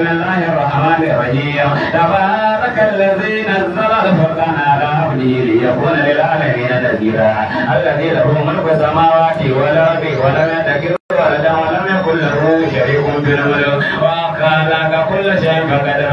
بسم الله الرحمن الرحيم تبارك الذي نزل الفرقان على عبده ليكون للعالمين نذيرا الذي له ملك السماوات والارض ولم يتكر ولم يكن له شريك في الملك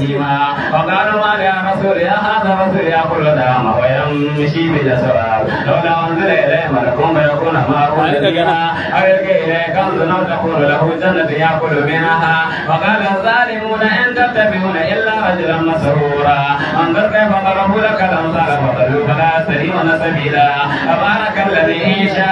Sima Pangalumaria Masuria Hata Masuria Kula Dama Wayam Shibi Jasura Loda Wanzile Lema Lakume Yokuna Marula Dina Arike Ile Kanzu Nauta Kulu Lahu Jannati Yakulu Minaha Pangal Zalimuna Endabte Fihuna Illa Rajla Masurura Andarke Pangalumbu Laka Lamzala Fatalu Pala Sahima Nasabila Tabarak Alladhi Isha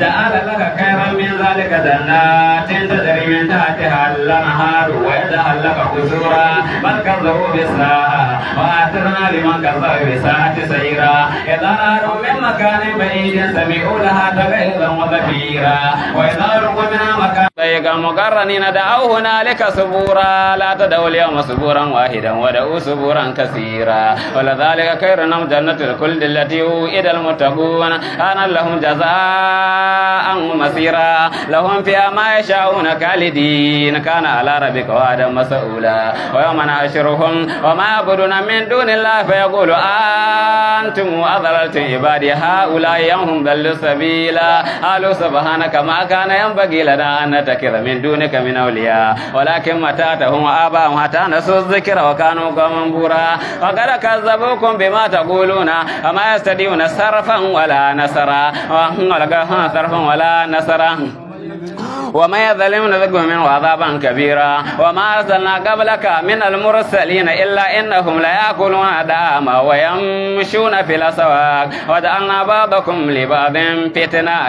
جعل لك خيرا من ذلك جنات تجري من تحتها الانهار ويجعل لك قصورا بل كذبوا بالساعة وآتنا لمن كذب بالساعة سعيرا إذا أروا من مكان بعيد سمعوا لها تغيظا وزفيرا وإذا ألقوا منها مكان sai ga ni na auhu na alika subura la ta daul yau masuburan wahidan wa da'u suburan kasira wa la zalika khairu nam jannati kul dillati idal mutaquna ana lahum jazaa'an masira lahum fi ma yashauna khalidin kana ala rabbika wa'da mas'ula wa yawma nashruhum wa ma abuduna min dunillahi fa yaqulu antum adhalaltum ibadi haula yahum dallu sabila alu subhanaka ma kana yanbaghi lana يتخذ من دونك من أولياء ولكن متاتهم وآباهم حتى نسوا الذكر وكانوا قوما بورا وقد كذبوكم بما تقولون وما يستطيعون صرفا ولا نصرا ولقد صرفا ولا نصرا وما يظلم نذق منه عذابا كبيرا وما أرسلنا قبلك من المرسلين إلا إنهم ليأكلون دام ويمشون في الأسواق وجعلنا بعضكم لبعض فتنة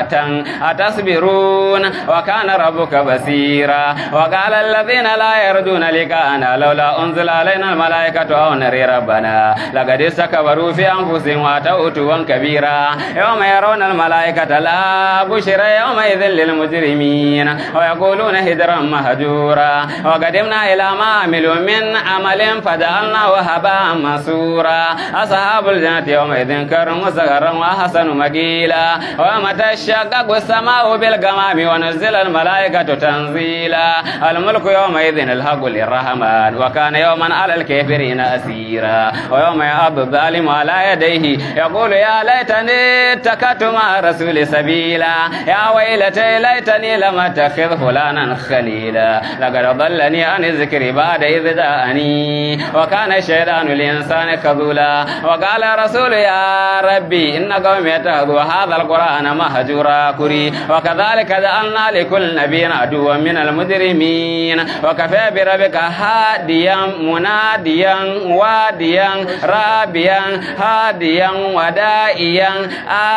أتصبرون وكان ربك بصيرا وقال الذين لا يرجون لقاءنا لولا أنزل علينا الملائكة أو نري ربنا لقد استكبروا في أنفسهم وأتوا كبيرا يوم يرون الملائكة لا بشر يومئذ للمجرمين مجرمين ويقولون هدرا مهجورا وقدمنا إلى ما عملوا من عمل فجعلناه وهبا منصورا أصحاب الجنة يومئذ كرم وسكر وحسن مقيلا ومتى تشقق السماء بالغمام ونزل الملائكة تنزيلا الملك يومئذ الحق للرحمن وكان يوما على الكافرين أسيرا ويوم يعض الظالم على يديه يقول يا ليتني اتكت مع رسول سبيلا يا ويلتي ليتني لم أتخذ فلانا خليلا لقد ضلني عن الذكر بعد إذ جاءني وكان الشيطان الإنسان خذولا وقال رسول يا ربي إن قوم يتخذوا هذا القرآن مهجورا كري وكذلك جعلنا لكل نبي عدوا من المجرمين وكفى بربك هاديا مناديا واديا رابيا هاديا ودائيا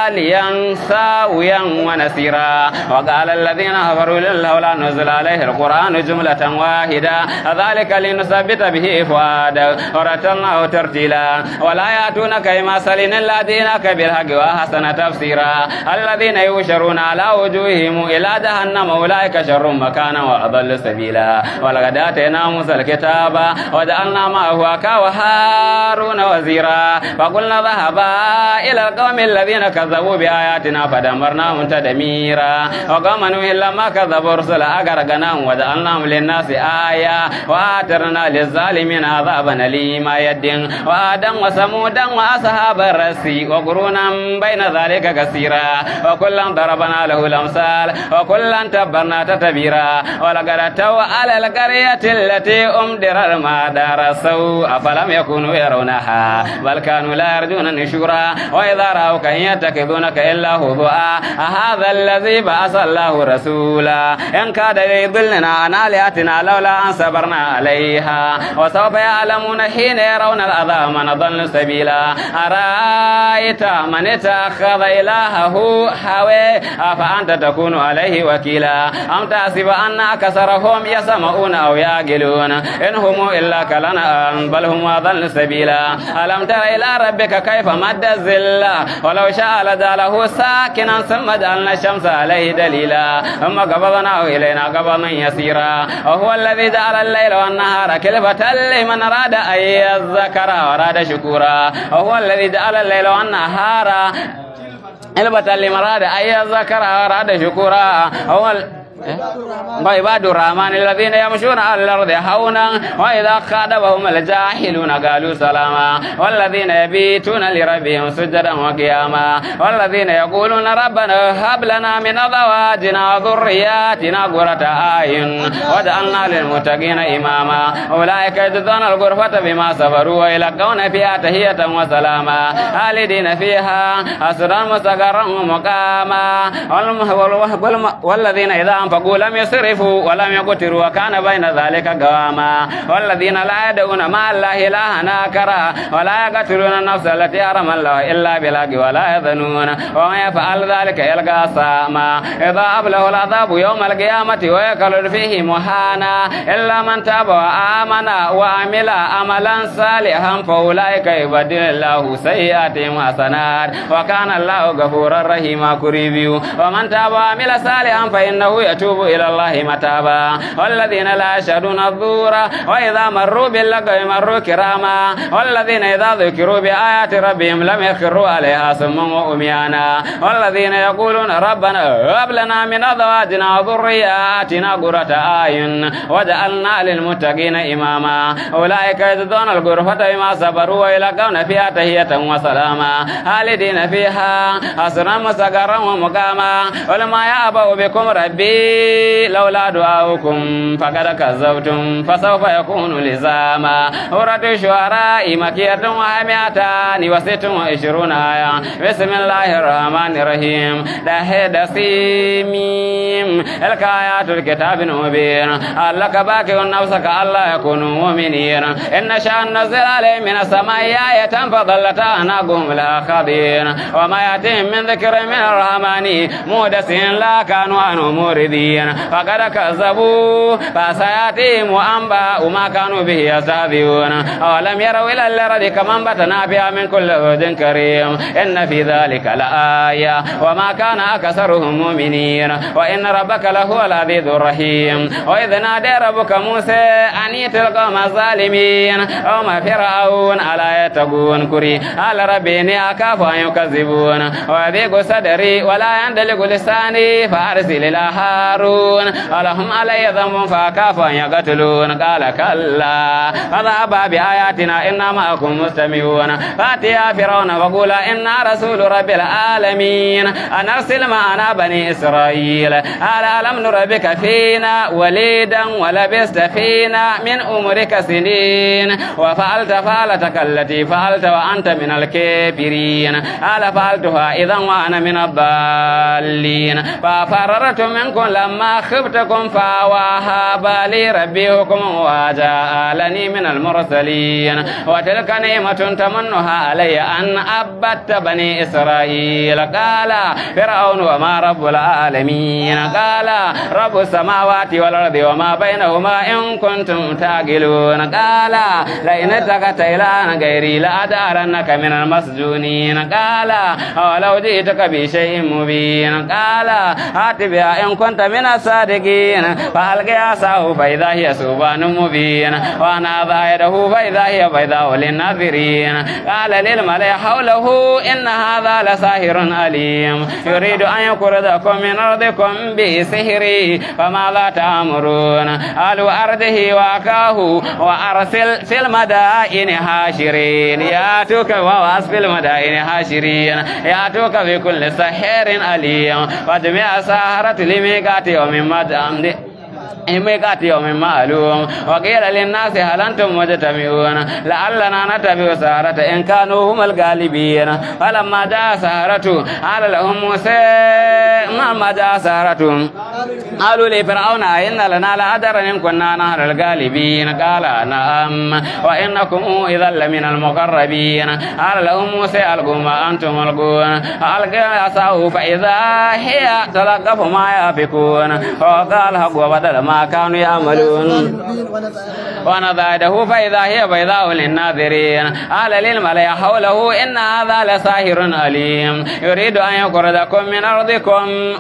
آليا ساويا ونسيرا وقال الذي الذين كفروا ولا نزل عليه القرآن جملة واحدة ذلك لنثبت به فؤاده ورتلناه ترتيلا ولا يأتونك بمثل إلا دينك بالحق وحسن تفسيرا الذين يوشرون على وجوههم إلى جهنم أولئك شر مكانا وأضل سبيلا ولقد آتينا موسى الكتاب وجعلنا معه أكا وهارون وزيرا فقلنا ذهبا إلى القوم الذين كذبوا بآياتنا فدمرناهم تدميرا وقوم نوح lama ka zabar sala a gargana wa da Allah mu lena si aya wa tarna li zalimin azaban alima yaddin wa adam wa samudan wa ashabar rasi wa quruna baina zalika kasira wa kullan darabana lahu lamsal wa kullan tabarna tatabira wa lagarata wa ala lagariyati lati umdirar ma darasau afalam yakunu yarunaha bal kanu la yarjuna nishura wa idha rauka hiya takidunaka illa hudua ahadha alladhi ba'asa allahu rasi رسولا إن كاد يضلنا عن آلهتنا لولا أن صبرنا عليها وسوف يعلمون حين يرون العذاب من ضل سبيلا أرأيت من اتخذ إلهه هوي أفأنت تكون عليه وكيلا أم تحسب أن أكثرهم يسمعون أو يعقلون إن هم إلا كلنا بل هم أضل سبيلا ألم تر إلى ربك كيف مد الذل ولو شاء لجعله ساكنا ثم جعلنا الشمس عليه دليلا ثم قبضناه إلينا قبضا يسيرا وهو الذي جعل الليل والنهار كلفة لمن أراد أن يذكر وأراد شكورا وهو الذي جعل الليل والنهار كلفة لمن أراد أن يذكر وأراد شكورا هو وعباد إيه؟ الرحمن الذين يمشون على الأرض هونا وإذا خاطبهم الجاهلون قالوا سلاما والذين يبيتون لربهم سجدا وقياما والذين يقولون ربنا هب لنا من أزواجنا وذرياتنا قرة أعين واجعلنا للمتقين إماما أولئك يجزون الغرفة بما صبروا ويلقون فيها تحية وسلاما خالدين فيها أسرا مستقرا ومقاما والذين إذا أنفقوا Wa ku sirifu? Wa lamya guturu? Wa ka na bai gawama? Wala zina laya Ma Allah iya lahana Wala ya ga turon nufin salitiyar? Wala yana zanuna! Wawan yana fa'adar da yalasa. Za a bule wala za bule! Wa malam ya mati "Wa kalar biyu i muhana!" Ila man taba, wa Amina! Wa Amina amalan sali! Hamfa wula ekayi, wa duniyar lau! Sai ati "Mu asanare!" Wa kan Allah uga fi wurarrahi Wa man taba, wa Amina sali! Hamfa yana وأتوب إلى الله متابا والذين لا يشهدون الظهور وإذا مروا باللغو مروا كراما والذين إذا ذكروا بآيات ربهم لم يخروا عليها صما وأميانا والذين يقولون ربنا هب لنا من أزواجنا وذرياتنا قرة أعين وجعلنا للمتقين إماما أولئك يجزون الغرفة بما صبروا ويلقون فيها تحية وسلاما خالدين فيها حسنا مستقرا ومقاما ولما يأبأ بكم ربي Lauradu Haukun, Fagada Kazautun, Fasaufa ya kunu lizama Muradu Shu'aar, yi makiyar tun ni wasu wa ishiru naya. Bisimilahi ruraman da rahe da hadasi min. Alkaya turki ta binne Allah ka kunu umini. Inna sha'an na zinare, minas ya yi tafa, lallata ana gungula haka bena. Amai a cikin mintikirin minar Ramani, mun نبيا فقد كذبوا فسيأتيهم وانباء ما كانوا به يستهزئون أولم يروا إلى الأرض كما أنبتنا بها من كل عود كريم إن في ذلك لآية وما كان أكثرهم مؤمنين وإن ربك لهو العزيز الرحيم وإذ نادى ربك موسى أن القوم الظالمين أو فرعون ألا يتقون كري قال ربي اكاف أن يكذبون ويضيق صدري ولا يندلق لساني فأرسل إلى هارون ألهم علي ذنب فكافا يقتلون قال كلا فذهبا بآياتنا إنا معكم مستمعون فأتيا فرعون فقولا إنا رسول رب العالمين أن أرسل معنا بني إسرائيل قال ألم نربك فينا وليدا ولبست فينا من أمرك سنين وفعلت فعلتك التي فعلت وأنت من الكافرين قال فعلتها إذا وأنا من الضالين ففررت منكم فلما خبتكم فاواها بالي ربي حكما وجعلني من المرسلين وتلك نعمة تمنها علي أن أبت بني إسرائيل قال فرعون وما رب العالمين قال رب السماوات والأرض وما بينهما إن كنتم تعقلون قال لئن اتقت إلى غيري لأدارنك من المسجونين قال ولو جئتك بشيء مبين قال هات بها إن كنت من الصادقين فألقيها عصاه فإذا هي سبان مبين وأنا ظاهره فإذا هي بيضاء للناظرين قال للملأ حوله إن هذا لساهر أليم يريد أن يقرضكم من أرضكم بسحره فماذا تأمرون قالوا أرضه وأكاه وأرسل في المدائن هاشرين ياتوك وواس في المدائن هاشرين ياتوك بكل سحر أليم وجميع ساهرة لميقات salati wa min madamde يوم معلوم وقيل للناس هل أنتم مجتمعون لعلنا نتبع سهرة إن كانوا هم الغالبين فلما جاء سهرة قال لهم موسى ما جاء سهرة قالوا لفرعون إن لنا لأجرا إن كنا نحن الغالبين قال نعم وإنكم إذا لمن المقربين قال لهم موسى ألقوا ما أنتم ملقون ألقى عصاه فإذا هي تلقف ما يأفكون وقال هو بدل أبصار ما كانوا يعملون ونضعده فإذا هي بيضاء للناظرين قال للملأ حوله إن هذا لساهر أليم يريد أن يقردكم من أرضكم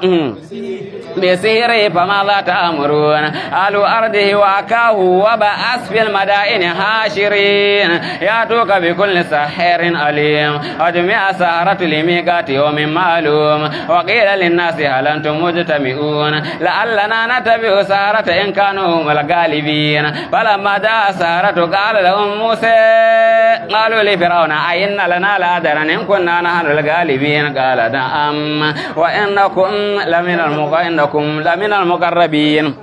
بسهره فماذا تأمرون قالوا أرضه وأكاه وبأس في المدائن هاشرين يأتوك بكل سحر أليم أجمع سهرة لميقات يوم معلوم وقيل للناس هل أنتم مجتمعون لعلنا نتبع سهر السهرة إن كانوا هم الغالبين فلما جاء سارة قال لهم موسى قالوا لفرعون أئن لنا لأجرا إن كنا نحن الغالبين قال نعم وإنكم لمن إنكم لمن المقربين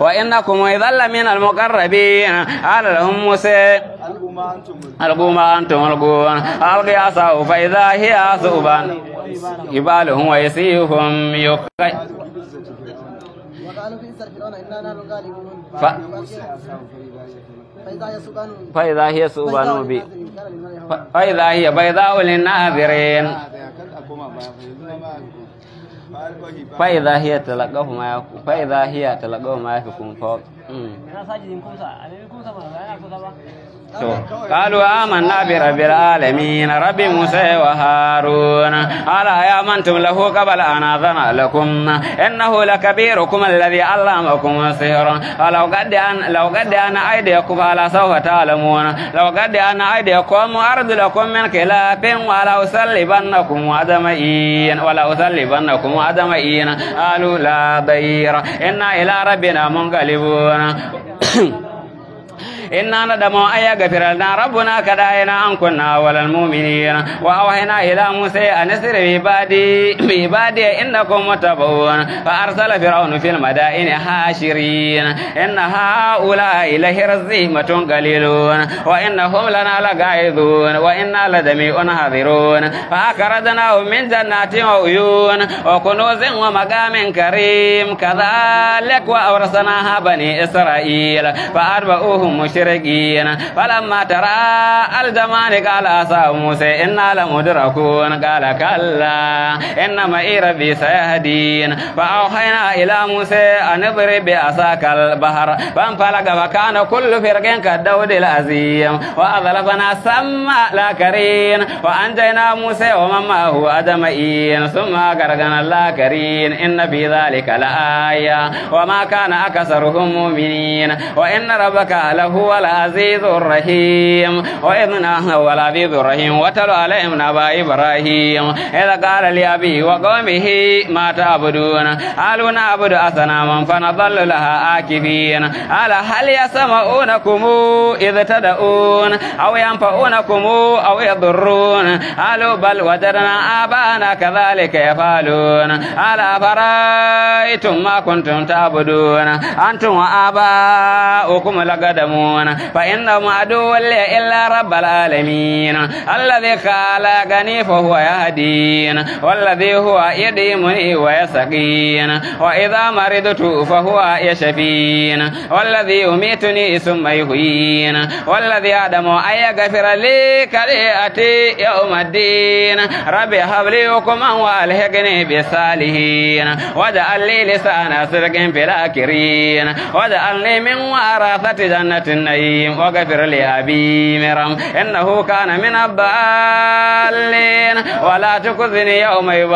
وإنكم إذا لمن المقربين قال لهم موسى ألقوا ما أنتم ألقون ألقي عصاه فإذا هي ثوبان يبالهم ويسيهم يقي قالوا في سر فرعون إنا نحن الغالبون فإذا هي سبحان بي فإذا هي بيضاء للناظرين فإذا هي تلقاه ما يكون فإذا هي تلقاه ما يكون فوق قالوا آمنا برب العالمين رب موسى وهارون على آمنتم له قبل أن أذن لكم إنه لكبيركم الذي علمكم السحر لو قد أن لو قد أنا أيديكم فلا سوف تعلمون لو قد أنا أيديكم وأرجلكم من خلاف ولا أصلبنكم أجمعين ولا أصلبنكم أجمعين قالوا لا ضير إنا إلى ربنا منقلبون إنا ندم أن يغفر لنا ربنا كدائنا أن كنا أول المؤمنين وأوحينا إلى موسى أن اسر بعبادي بعبادي إنكم متبعون فأرسل فرعون في المدائن حاشرين إن هؤلاء لهرزيمة قليلون وإنهم لنا لغائظون وإنا لدميء حاضرون فأكردناهم من جنات وعيون وكنوز ومقام كريم كذلك وأورثناها بني إسرائيل فأتبعوهم مشركين المشركين فلما ترى الجمال قال أصاب موسى إنا لمدركون قال كلا إن معي ربي سيهدين فأوحينا إلى موسى أن اضرب بعصاك البحر فانفلق وكان كل فرق كالدود العظيم وأغلقنا السماء الآخرين وأنجينا موسى ومن معه أجمعين ثم غرقنا الآخرين إن في ذلك لآية وما كان أكثرهم مؤمنين وإن ربك لهو هو العزيز الرحيم وابنه هو العزيز الرحيم وتلو عليهم نبا إبراهيم إذا قال لأبيه وقومه ما تعبدون قالوا نعبد أصناما فنظل لها آكفين قال هل يسمعونكم إذ تدعون أو ينفعونكم أو يضرون قالوا بل وجدنا آبانا كذلك يفعلون قال أفرأيتم ما كنتم تعبدون أنتم وآباؤكم لقدمون ona fa inna ma'aduwwal li illa rabbal alamin alladhi khalaqani fa huwa yahdina walladhi huwa yadimuni wa yasqina wa idha maridtu fa huwa yashfina walladhi umituni thumma yuhyina walladhi adamu ayya ghafira li kali ati yawmaddin rabbi hab li hukman wa alhiqni bi salihin waj'al li lisana sirqin fil akhirin waj'alni min warathati jannatin ayyin ogafir li abimiram innahu kana min abbalin wala tukuzini yawma Yau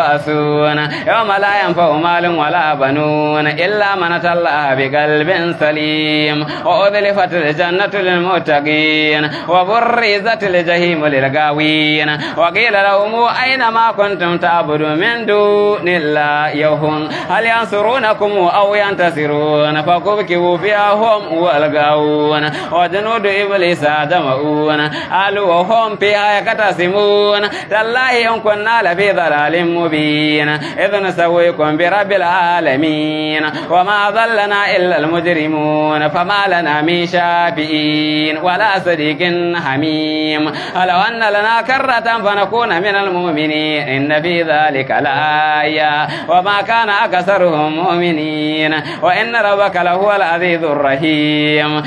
yawma la yanfa'u malun wala banuna illa man atallaha bi qalbin salim wa udlifat al jannatu lil muttaqin wa burrizat al jahim lil gawin wa qila lahum ayna ma kuntum ta'budu min duni llahi yahum hal yansurunakum aw yantasiruna fakubkiu fiha hum wal gawun وجنود إبليس أجمعون قالوا هم آية كتاسمون تالله إن كنا لفي ضلال مبين إذ نسويكم برب العالمين وما ضلنا إلا المجرمون فما لنا من شافئين ولا صديق حميم ألو أن لنا كرة فنكون من المؤمنين إن في ذلك لآية وما كان أكثرهم مؤمنين وإن ربك لهو العزيز الرحيم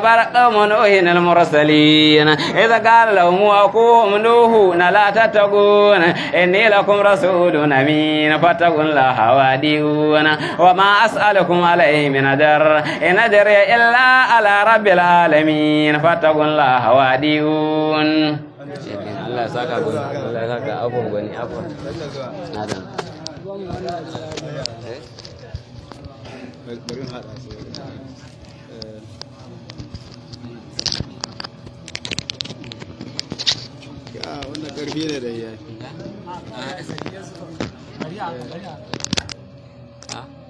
تبارك من المرسلين إذا قال لهم وقوم نوهون لا تتقون إني لكم رسول أمين فاتقوا الله وديون وما أسألكم عليه من أجر إن أجري إلا على رب العالمين فاتقوا الله واديون الله يساك أبو الله يساك أبو بني أبو هذا نعم. a wannan karfi ne da ya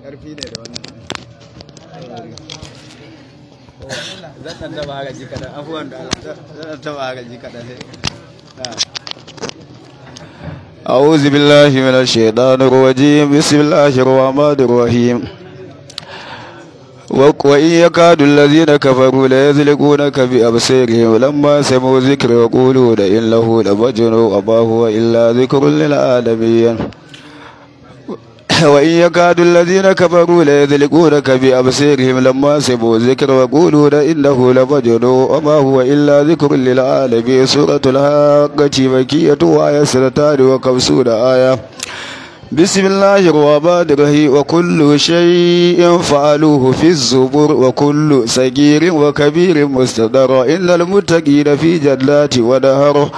karfi ne da wannan zan ɗan taba haka ji kaɗan da zan ɗan taba haka ji kaɗan أعوذ بالله من الشيطان الرجيم بسم الله الرحمن الرحيم وإن يكاد الذين كفروا ليزلقونك بأبصيرهم لما سمعوا الذكر يقولون له لمجنون وما هو إلا ذكر للعالمين وإن يكاد الذين كفروا ليذلقونك بأبصيرهم لما سموا ذكر الذكر إن له لمجنون وما هو إلا ذكر للعالمين سورة الحاقة مكية وآية سنتان وخمسون آية بسم الله الرحمن الرحيم وكل شيء فعلوه في الزبر وكل صغير وكبير مستدر إلا المتقين في جنات ونهر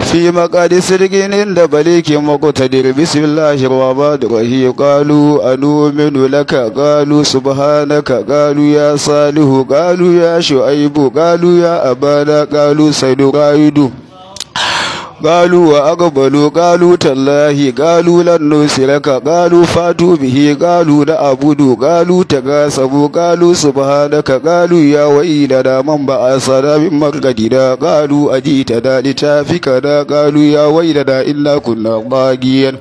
في مقعد صدق عند مليك مقتدر بسم الله الرحمن الرحيم قالوا أنؤمن لك قالوا سبحانك قالوا يا صالح قالوا يا شعيب قالوا يا أبانا قالوا سنرايد galu wa agbalu galu tallahi galu lan nusiraka galu fatu bihi galu da abudu galu tagasabu galu subhanaka galu ya waila da man ba asara min magadida galu ajita da litafika da galu ya waila da illa kullu bagiyan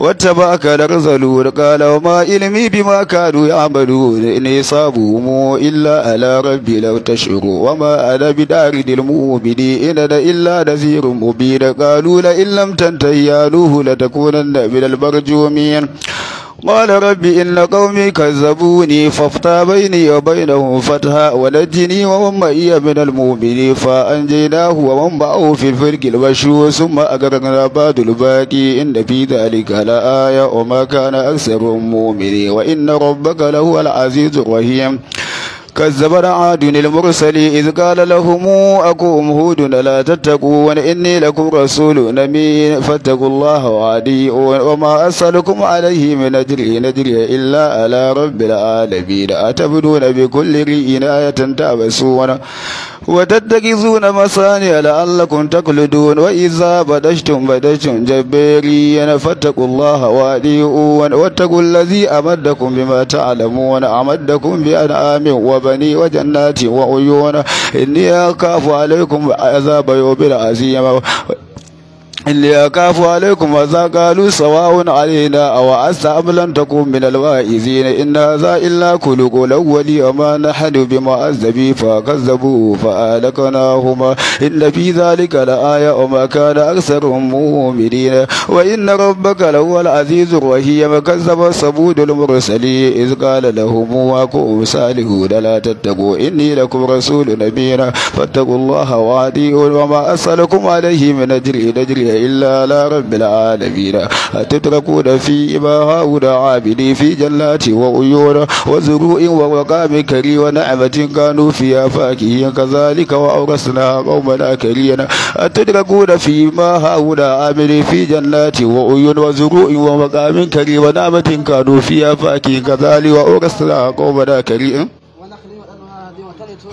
واتبعك الأرذلون قال وما علمي بما كانوا يعملون إن حسابهم إلا على ربي لو تشعروا وما أنا بدارد المؤمنين إن أنا إلا نذير مبين قالوا لئن لم تنتهي يا نوح لتكونن من المرجومين قال رب إن قومي كذبوني فافتح بيني وبينهم فتحا ونجني ومن معي من المؤمنين فأنجيناه ومن معه في الفلك المشهور ثم أغرقنا بعد الباقي إن في ذلك لآية وما كان أكثر المؤمنين وإن ربك لهو العزيز الرحيم كذب عاد المرسل إذ قال لهم أقوم هود لا تتقون إني لكم رسول أمين فاتقوا الله وعدي وما أسألكم عليه من أجر إن أجري إلا على رب العالمين أتبدون بكل ريء آية تعبسون وتتخذون مصانع لعلكم تقلدون وإذا بدشتم بدشتم جبارين فاتقوا الله وأطيعون واتقوا الذي أمدكم بما تعلمون أمدكم بأنعام وب بني وجنات وعيون إني أخاف عليكم عذاب يوم عظيم اللي أخاف عليكم وذا قالوا سواء علينا أو أستعب لن تكون من الوائزين إن هذا إلا خلق الاولي وما نحن أزبي فكذبوا فالكناهما إن في ذلك لآية وما كان أكثرهم مؤمنين وإن ربك لهو العزيز الرحيم كذب صبود المرسلين إذ قال لهم واقوم سالهون لا تتقوا إني لكم رسول نبينا فاتقوا الله وعدي وما أسألكم عليه من أجر نجري إلا على رب العالمين أتتركون في ما هؤلاء عابدين في جلات وعيون وزروع ومقام كريم ونعمة كانوا فيها فاكهين كذلك وأورثناها قوما آخرين أتتركون في ما هؤلاء عابدين في جلات وعيون وزروع ومقام كريم ونعمة كانوا فيها فاكهين كذلك وأورثناها قوما آخرين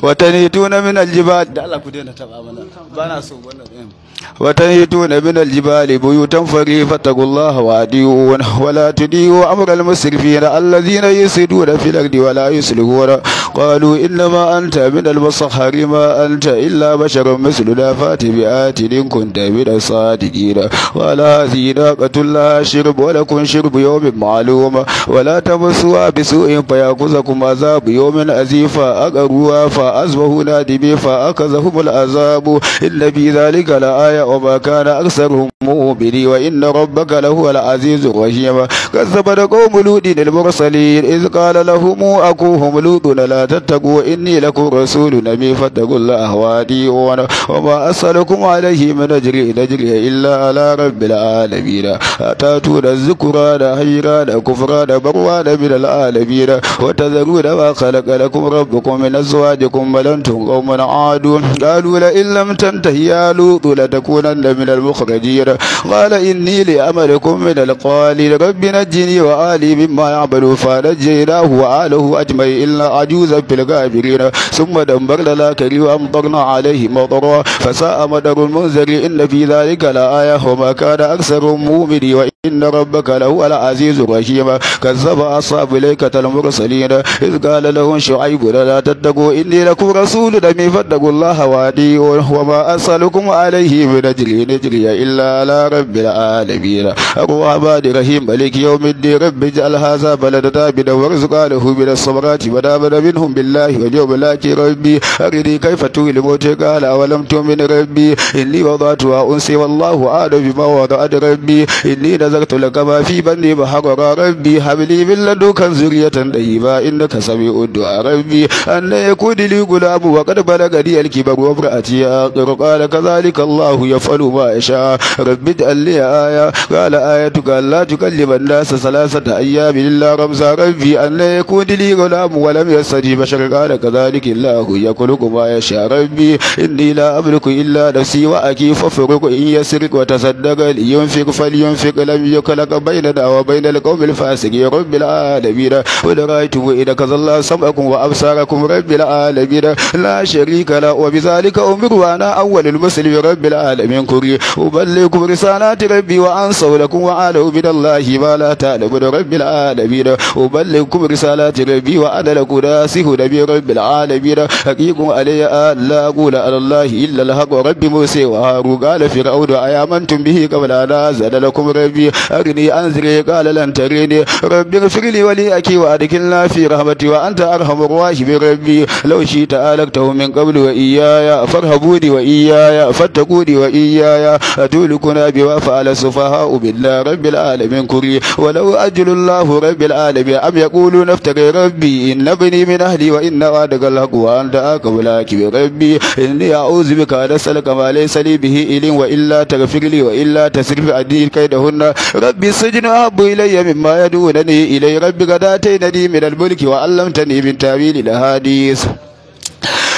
وتنيتون من الجبال دعلك دينا ku بنا taba mana bana وتنهتون من الجبال بيوتا فري فاتقوا الله وأديون ولا تديوا أمر المسرفين الذين يسدون في الأرض ولا يسلكون قالوا إنما أنت من المسحر ما أنت إلا بشر مثلنا فات بآت إن كنت من الصادقين ولا هذه ناقة لها شرب ولكم شرب يوم معلوم ولا تمسوها بسوء فيأخذكم عذاب يوم أزيفا أقروا فأصبحوا نادمي فأخذهم العذاب إن في ذلك لآية وما كان أكثرهم مؤمنين وإن ربك لهو العزيز الرحيم كذب قوم لوط المرسلين إذ قال لهم أخوهم لوط لا تتقوا إني لكم رسول نبي فاتقوا الله وادي وانا وما أسألكم عليه من أجري نجري إلا على رب العالمين أتاتون الذكران حيران كفران بروان من العالمين وتذرون ما خلق لكم ربكم من أزواجكم بل أنتم قوم عادون قالوا لئن لم تنتهي يا لوط لتكونن من المخرجين قال إني لأملكم من القالين رب نجني وآلي مما يعملوا فنجيناه وآله أجمعين إلا عجوزا عزيزا في الكافرين ثم دمرنا الاخرين وامطرنا عليهم مطرا فساء مدر المنذر ان في ذلك لآية وما كان اكثر مؤمنين إن ربك لهو العزيز الرحيم كذب أصحاب إليك المرسلين إذ قال لهم شعيب لا تتقوا إني لكم رسول أمين فاتقوا الله وأطيعون وما أسألكم عليه من أجر نجري إلا على رب العالمين الرحمن رحيم ملك يوم الدين رب اجعل هذا بلد آمنا وارزق له من الصبرات ونامنا منهم بالله واليوم لك ربي أرني كيف تولي موتك قال أولم تؤمن ربي إني وضعتها أنسي والله أعلم بما وضعت ربي إني nazartu laka ma fi bandi bahara rabbi habli min ladukan zuriyatan ka sami sami'ud a rabbi anna kudi li gulabu wa qad balagani al-kibar wa imra'ati aqir qala kadhalika Allah yaf'alu ma sha rabbi da alli aya qala ayatuka la tukallima an-nasa salasata ayyamin lilla ramza rabbi anna kudi li gulabu wa lam yastajib bashar qala kadhalika Allah yakhluqu ma yasha rabbi inni la amliku illa nafsi wa akifu fafruqu in yasir wa tasaddaq liyunfiq falyunfiq lam لك بيننا وبين القوم الفاسقين رب العالمين ودرأيتم إنك الله سمعكم وأبصاركم رب العالمين لا شريك له وبذلك أمر وأنا أول المسلم رب العالمين كري أبلغكم رسالات ربي وأنصر لكم وأعلم من الله ما لا تعلمون رب العالمين أبلغكم رسالات ربي وأنا لكم ناسه نبي رب العالمين حقيق علي أن لا أقول على الله إلا الحق رب موسى وهارون قال فرعون أيامنتم به قبل أن أذن لكم ربي أرني أنذري قال لن تريني رب اغفر لي وليأكي وأدخلنا في رحمتي وأنت أرحم الراحمين ربي لو شئت أهلكته من قبل وإياي فارهبوني وإياي فاتقوني وإياي أتولكنا بما فعل السفهاء بالله رب العالمين كري ولو أجل الله رب العالمين أم يقولون افتري ربي إن ابني من أهلي وإن وعدك الحق وأنت أكبر لكن ربي إني أعوذ بك أن أسألك ما ليس لي به إلي وإلا تغفر لي وإلا تسرف عني كيدهن ربي السجن أحب إلي مما يدونني إلي ربي قد آتينني من الملك وعلمتني من تأويل الأحاديث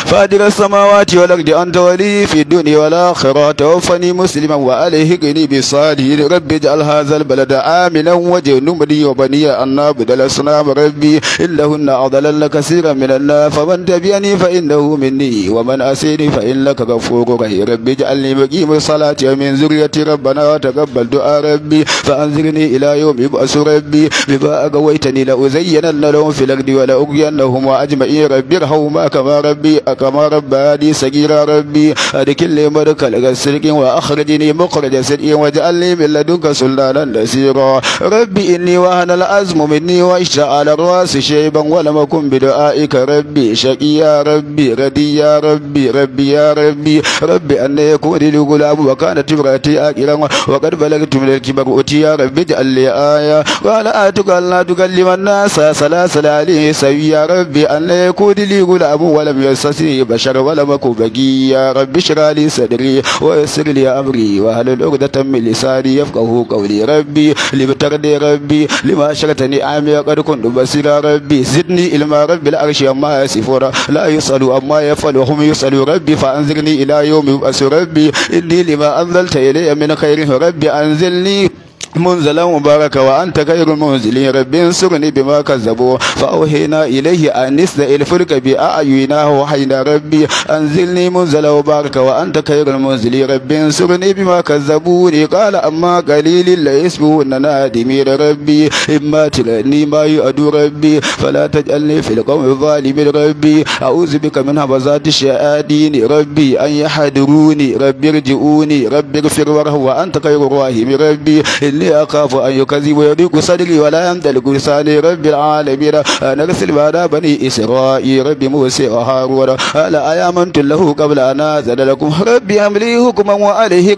فأدر السماوات والأرض أنت ولي في الدنيا والآخرة توفني مسلما وألهقني بصالح رب اجعل هذا البلد آمنا وجنبني وبني أن نعبد الأصنام ربي إنهن أضللن كثيرا من الله فمن تبعني فإنه مني ومن أسيني فإنك غفور رحيم رب اجعلني مقيم الصلاة ومن ذريتي ربنا وتقبل دعاء ربي فأنذرني إلى يوم يبعث ربي بما أغويتني لأزينن لهم في الأرض ولاغينهم وأجمعين ربي ارحمهما كما ربي كما رباني صغيرا ربي كل مدك لغسرك وأخرجني مخرج صدق وجعل لي من لدنك سلطانا نسيرا ربي إني وهن الأزم مني وإشاء على الرأس شيبا ولم أكن بدعائك ربي شقي يا ربي ردي يا ربي ربي يا ربي ربي أن يكون لي غلام وكانت امرأتي آكلا وقد بلغت من الكبر أتي يا ربي اجعل لي آية قال آتك آه، الله تكلم الناس سلاسل عليه سوي يا ربي أن يكون لي غلام ولم يستسر أوتي بشر ولم أك بقيا رب اشرح لي صدري ويسر لي أمري واحلل عقدة من لساني يفقه قولي ربي لم ترني ربي لما أشرتني عامي قد كنت بصيرا ربي زدني علما رب العرش عما يصفون لا يسأل اما يفعل وهم يسألوا ربي فأنذرني إلى يوم يبأس ربي إني لما أنزلت إلي من خير ربي أنزلني منزلا مباركا وانت خير المنزلين رب انصرني بما كذبوا فاوهينا اليه ان نسال الفلك باعيننا وحينا ربي انزلني منزلا مباركا وانت خير المنزلين رب انصرني بما كذبوني قال اما قليل يسبون نادمين ربي اما تلني ما يؤد ربي فلا تجعلني في القوم الظالمين ربي اعوذ بك من هبزات الشيادين ربي ان يحضروني ربي ارجعوني ربي اغفر وارحم وانت خير الراحمين ربي إني أخاف أن يكذب ويضيق صدري ولا يمتلك لساني رب العالمين أنا أرسل على بني إسرائيل رب موسى وهارون ألا آمنت له قبل أن آذن لكم ربي أملي حكما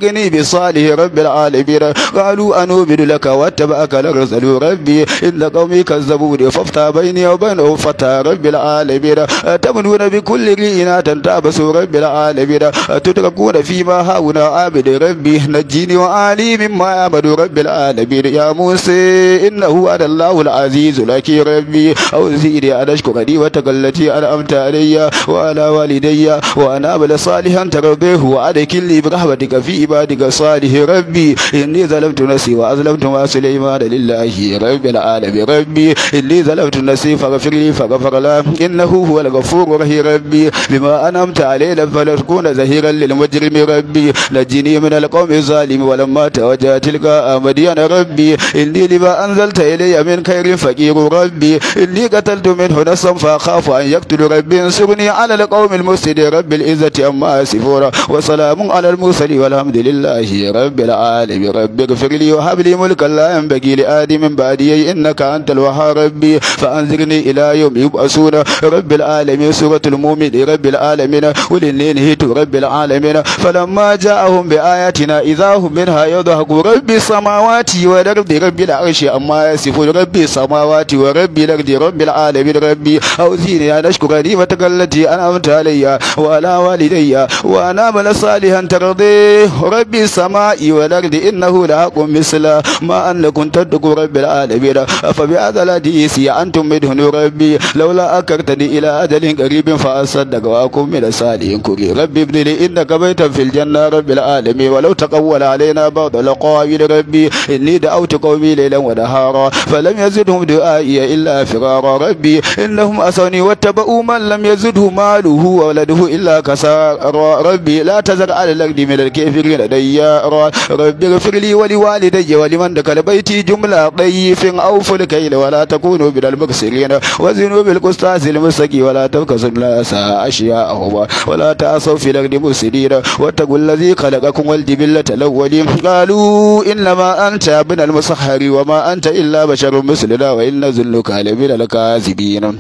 غني بصالح رب العالمين قالوا أنؤمن لك واتبعك الأرسل ربي إن قومي كذبوني فافتح بيني وبينهم فتى رب العالمين تمنون بكل رينا تنتابس رب العالمين تتركون فيما هاونا عبد ربي نجيني وآلي مما يعمل رب العالمين العالمين يا موسى إنه أنا الله العزيز لك ربي أوزيني أن أشكر نعمتك التي أنعمت علي وعلى والدي وأنا أبل صالحا تربيه ترضيه وأدخلني برحمتك في عبادك صالح ربي إني ظلمت نسي وأظلمت ما سليمان لله رب العالمين ربي إني ظلمت نسي فغفر لي فغفر له إنه هو الغفور الرحيم ربي بما أنعمت علينا فلا تكون ظهيرا للمجرم ربي نجني من القوم الظالم ولما توجه تلك أمدي عصيان ربي إني لما أنزلت إلي من خير فقير ربي إني قتلت من هنا نفسا خاف أن يقتل ربي انصرني على القوم المسجد رب العزة أما أسفورا وسلام على المرسل والحمد لله رب العالم رب اغفر لي وهب لي ملكا لا ينبغي لآدم من بعدي إنك أنت الوهاب ربي فأنذرني إلى يوم يبعثون رب العالمين سورة المؤمن رب العالمين ولني نهيت رب العالمين فلما جاءهم بآياتنا إذا هم منها يضحك رب السماوات السماوات والأرض رب العرش أما يصفون ربي السماوات وربي الأرض رب العالمين ربي أوزيني أن أشكر نعمتك التي أنعمت علي وعلى والدي وأنا أعمل صالحا ترضيه ربي السماء والأرض إنه لحق مثل ما أنكم تدعو رب العالمين فبهذا الحديث أنتم مدهن ربي لولا أكرتني إلى أجل قريب فأصدق وأكون من الصالحين كري ربي ابن لي إنك بيتا في الجنة رب العالمين ولو تقول علينا بعض الأقاويل ربي إني دعوت قومي ليلا ونهارا فلم يزدهم دعائي إلا فرارا ربي إنهم أسوني واتبعوا من لم يزده ماله وولده إلا كسارا ربي لا تزر على الأرض من الكافرين ديارا ربي اغفر لي ولوالدي ولمن دخل بيتي جملة ضيف أو فلكيل ولا تكونوا من المكسرين وزنوا بالقسطاس المستقي ولا تبكسوا الناس أشياءهما ولا تعصوا في الأرض مفسدين واتقوا الذي خلقكم والجبلة الأولين قالوا إنما أنت من المسخر وما أنت إلا بشر مثلنا وإن ظنك لمن الكاذبين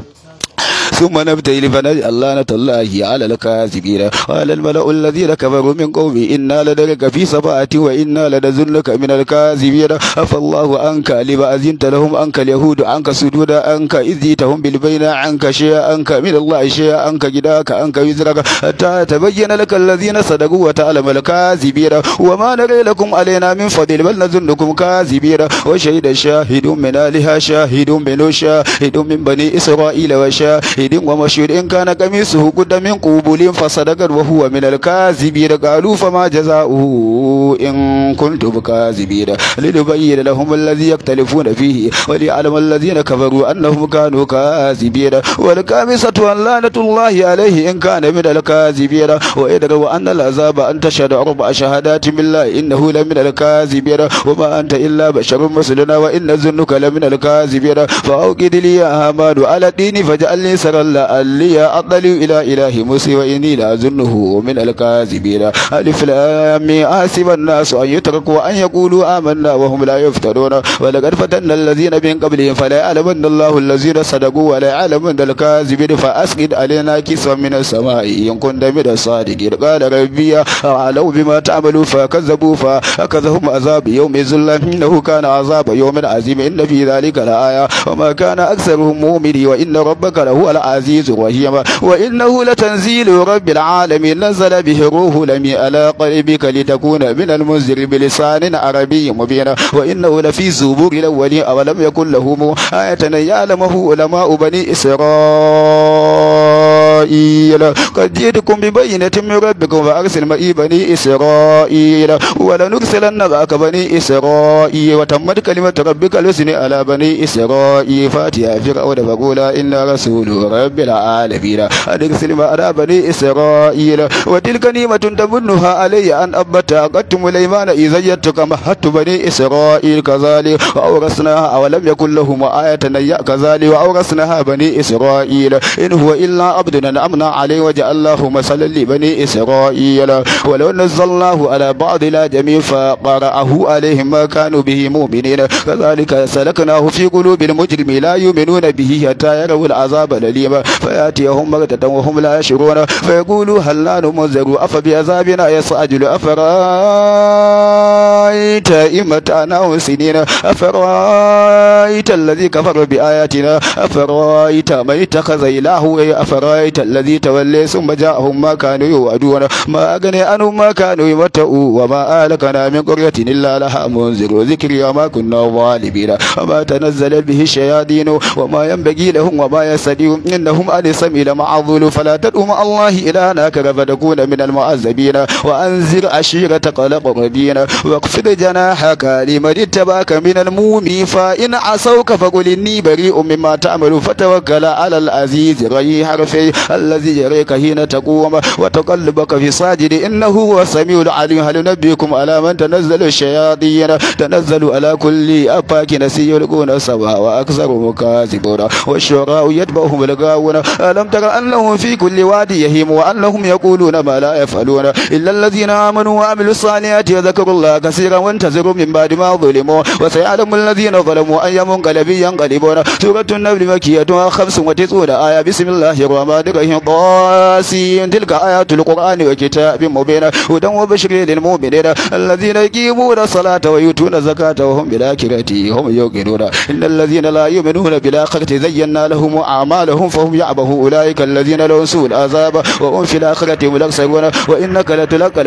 ثم نبتهل فنجعل لعنة الله على الكاذبين قال الملأ الذين كفروا من قومي إنا لنراك في سبعة وإنا لنظنك من الكاذبين فالله أنك لما أذنت لهم أنك اليهود أنك سدود أنك إذ جئتهم بالبينة عنك شيئا عنك من الله شيئا أنك جداك أنك وزرك حتى تبين لك الذين صدقوا وتعلم الكاذبين وما نري لكم علينا من فضل بل نظنكم كاذبين وشهد شاهد من آلهة شاهد من شاهد من بني إسرائيل وشاهد kazibin wa mashirin kana da min kubulin fasadakar wa huwa min alkazibi da qalu fa ma jazaa'u in kuntu bikazibi da lidubayyana lahum allazi yaktalifuna fihi wa li alama allazina kafaru annahum kanu wal kamisatu alayhi in kana min wa idra wa anna billahi innahu la min wa ma anta illa basharun wa inna zunnuka la min fa ya ala dini faj'alni خيرا لعلي أطلع إلى إله موسى وإني لأظنه من الكاذبين ألف لام أحسب الناس أن يتركوا أن يقولوا آمنا وهم لا يفترون ولقد فتنا الذين من قبلهم فلا يعلمن الله الذين صدقوا ولا يعلمن الكاذبين فأسقط علينا كسوا من السماء إن كنت من الصادقين قال ربي أعلم بما تعملوا فكذبوا فأخذهم عذاب يوم الظلة إنه كان عذاب يوم عظيم إن في ذلك لآية وما كان أكثرهم مؤمنين وإن ربك لهو العزيز الرحيم وإنه لتنزيل رب العالمين نزل به روح لمي على قلبك لتكون من المنذر بلسان عربي مبين وإنه لفي زبور الأولين أولم يكن لهم آية يعلمه علماء بني إسرائيل إسرائيل قد جئتكم ببينة من ربكم فأرسل معي بني إسرائيل ولنرسلن معك بني إسرائيل وتمت كلمة ربك الحسن على بني إسرائيل فاتيا فرعون فقولا إنا رسول رب العالمين أن ارسل معنا بني إسرائيل وتلك نعمة تمنها علي أن أبت عقدت مليمان إذا جئتك مهدت بني إسرائيل كذلك وأورثناها ولم يكن لهم آية كذلك وأورثناها بني إسرائيل إن هو إلا عبد الذين أنعمنا عليه وجعلناه مثلا لبني إسرائيل ولو نزلناه على بعض الأجمي فقرأه عليهم ما كانوا به مؤمنين كذلك سلكناه في قلوب المجرم لا يؤمنون به حتى يروا العذاب الأليم فيأتيهم بغتة وهم لا يشعرون فيقولوا هل لا نمنذر أفبعذابنا يستعجل أفرأ أفرأيت إن متعناهم سنين أفرأيت الذي كفر بآياتنا أفرأيت من اتخذ إلهه أفرأيت الذي تولي ثم جاءهم ما كانوا يوعدون ما أغني عنهم ما كانوا يمتعوا وما أهلكنا من قرية إلا لها منذر ذكري وما كنا ظالمين وما تنزل به الشياطين وما ينبغي لهم وما يستدعون إنهم عن السمع لمعذول فلا تدعوا مع الله إلها آخر فتكون من المعذبين وأنذر عشيرتك الأقربين واقف واخفض جناحك لمن اتبعك من المؤمن فإن عصوك فقل إني بريء مما تعمل فتوكل على العزيز غي حرفي الذي يريك حين تقوم وتقلبك في ساجد إنه هو السميع العليم هل نبيكم على من تنزل الشياطين تنزل على كل أفاك نسي يلقون سوا وأكثر مكاذبون والشعراء يتبعهم الغاون ألم تر أنهم في كل وادي يهيم وأنهم يقولون ما لا يفعلون إلا الذين آمنوا وعملوا الصالحات يذكر الله كثيرا kasiran wanta zuru min ba di ma zulimu wa sai alamul ladina zalamu yan galibuna suratun nabl makiyya tu khamsu wa tisuna aya bismillahir rahmanir rahim qasin tilka ayatul qur'ani wa kitabim mubina hudan wa bashirin lil mu'minina alladhina yuqimuna salata wa yutuna zakata wa ulaika alladhina lahum su'ul azab wa hum fil akhirati mulaksawuna wa innaka latulqa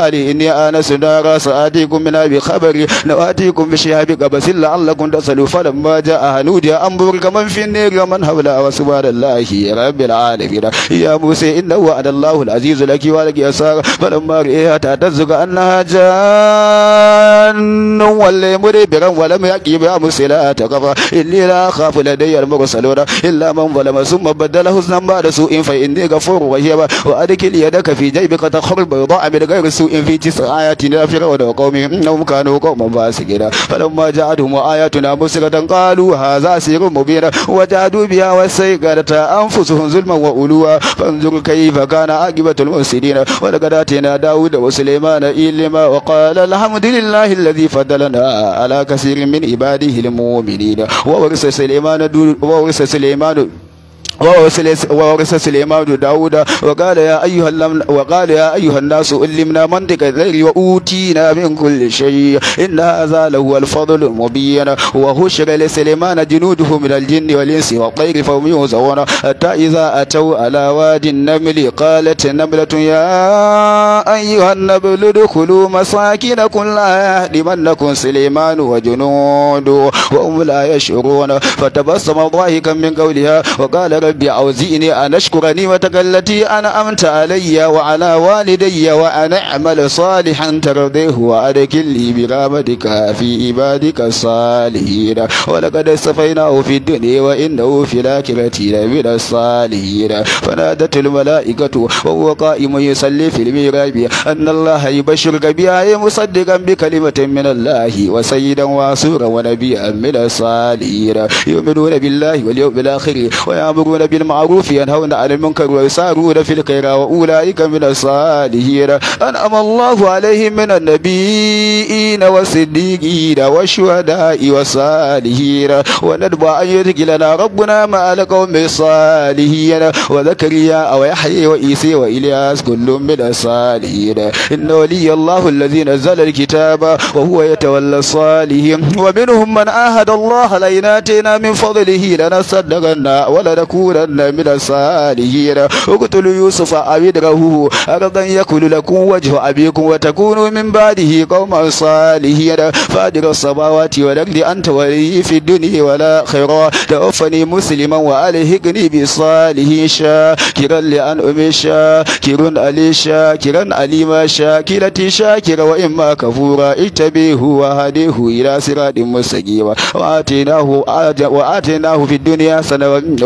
عليه إني آنس نارا سآتيكم منها بخبري نواتيكم بشهاب قبس لعلكم تصلوا فلما جاء نودي أن بورك من في النير ومن حولها وسبحان الله رب العالمين يا موسى إنه وعد الله العزيز لك ولك يسار فلما رئيها تعتز كأنها جان ولا مدبرا ولم يقيم يا موسى لا تخف إني لا أخاف لدي المرسلون إلا من ظلم ثم بدل حسنا بعد سوء فإني غفور رحيم وأدخل يدك في جيبك تخرج بيضاء من غير سوء in fi ayati na tis ayatina fir'auna wa qaumihim innahum kanu qauman fasiqina falamma ja'atuhum ayatuna musratan qalu hadha mu mubin wa ja biya wa sai ja'adu an fusu hun zulma wa uluwa kai fa kana aqibatul mufsidin wa daga da laqad na dawud wa sulaiman ilma wa qala alhamdulillahi alladhi fadalana ala kasirin min ibadihi almu'minin wa warisa sulaiman wa warisa sulaymana وورث سليمان داود وقال يا أيها وقال يا أيها الناس علمنا منطق الليل وأوتينا من كل شيء إن هذا لهو الفضل المبين وهشر لسليمان جنوده من الجن والإنس والطير فهم يوزعون حتى إذا أتوا على واد النمل قالت نملة يا أيها النبل ادخلوا مساكنكم لا يهدمنكم سليمان وجنوده وهم لا يشعرون فتبسم ضاحكا من قولها وقال ربي أوزئني أن أشكر نعمتك التي أنعمت علي وعلى والدي وأن أعمل صالحا ترضيه وأدخلني برحمتك في عبادك الصالحين ولقد اصطفيناه في الدنيا وإنه في الآخرة لمن الصالحين فنادت الملائكة وهو قائم يصلي في الميراب أن الله يبشرك بآية مصدقا بكلمة من الله وسيدا وعصورا ونبيا من الصالحين يؤمنون بالله واليوم الآخر ويأمرون يأمرون بالمعروف ينهون عن المنكر ويسارون في الخير وأولئك من الصالحين أنعم الله عليهم من النبيين والصديقين والشهداء والصالحين وندب أن يدخلنا ربنا مع القوم الصالحين وزكريا ويحيى وإيسى وإلياس كل من الصالحين إن ولي الله الذي نزل الكتاب وهو يتولى الصالحين ومنهم من عاهد الله لئن آتينا من فضله لنصدقن ولنكون Kuran namiji da sa alihina, Bukutu Yusuf a abin da rahoto, aka ganyen da kula kuma waje wa abin kuma ta ba da yi kuma yansu alihina. Sabawati ta yi wa lalle an taurari yin fiduna da wa alayyakin ni biyu alayhinsa. Kiran al'amu ya sha, Kiran al'umma Kiran al'ima ya sha, Kiran tisha, Kiran al'umma ya shura, Itacuba al'adu ya nasira, ɗan musu cewa wa'adan na hufe duniya sa na wani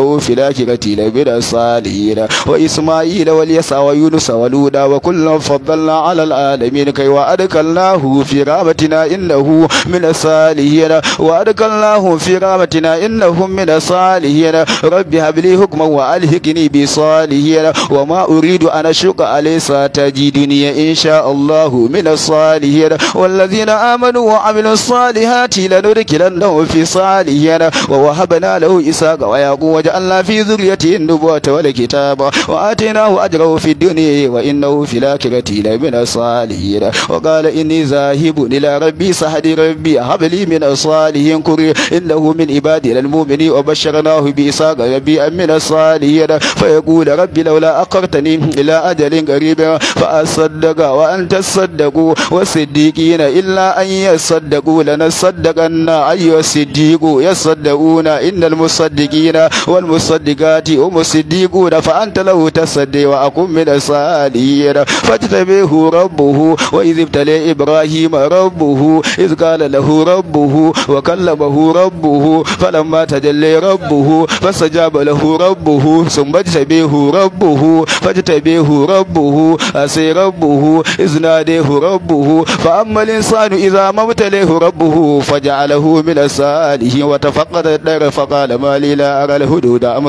والذاكرة من الصالحين وإسماعيل واليسع ويونس ولودا وكلا فضلنا على العالمين كي وأدخلناه في رحمتنا إنه من الصالحين وأدخلناه في رحمتنا إنه من الصالحين رب هب لي حكما وألهكني بصالحين وما أريد أن أشق عليه ستجدني إن شاء الله من الصالحين والذين آمنوا وعملوا الصالحات لندخلنهم في صالحين ووهبنا له إسحاق ويعقوب وجعلنا في في ذريته النبوة والكتاب وآتيناه أجره في الدنيا وإنه في الآخرة لمن الصالحين وقال إني ذاهب إلى ربي سهدي ربي هب لي من الصالحين كري إنه من عبادنا المؤمنين وبشرناه بإساق ربي من الصالحين فيقول ربي لولا أقرتني إلى أجل قريب فأصدق وأنت الصدق والصديقين إلا أن يصدقوا لنا صدقنا أيها الصديق يصدقون إن المصدقين والمصدقين digati umu siddiqu da fa anta lahu tasaddi wa akum min wa idh ibrahima rabbuhu idh qala lahu rabbuhu wa kallamahu rabbuhu falamma tajalla rabbuhu fasajaba lahu rabbuhu thumma tabihu rabbuhu fajtabihu rabbuhu asi rabbuhu idh nadahu rabbuhu fa ammal insanu idha mabtalahu rabbuhu faja'alahu min asalihi wa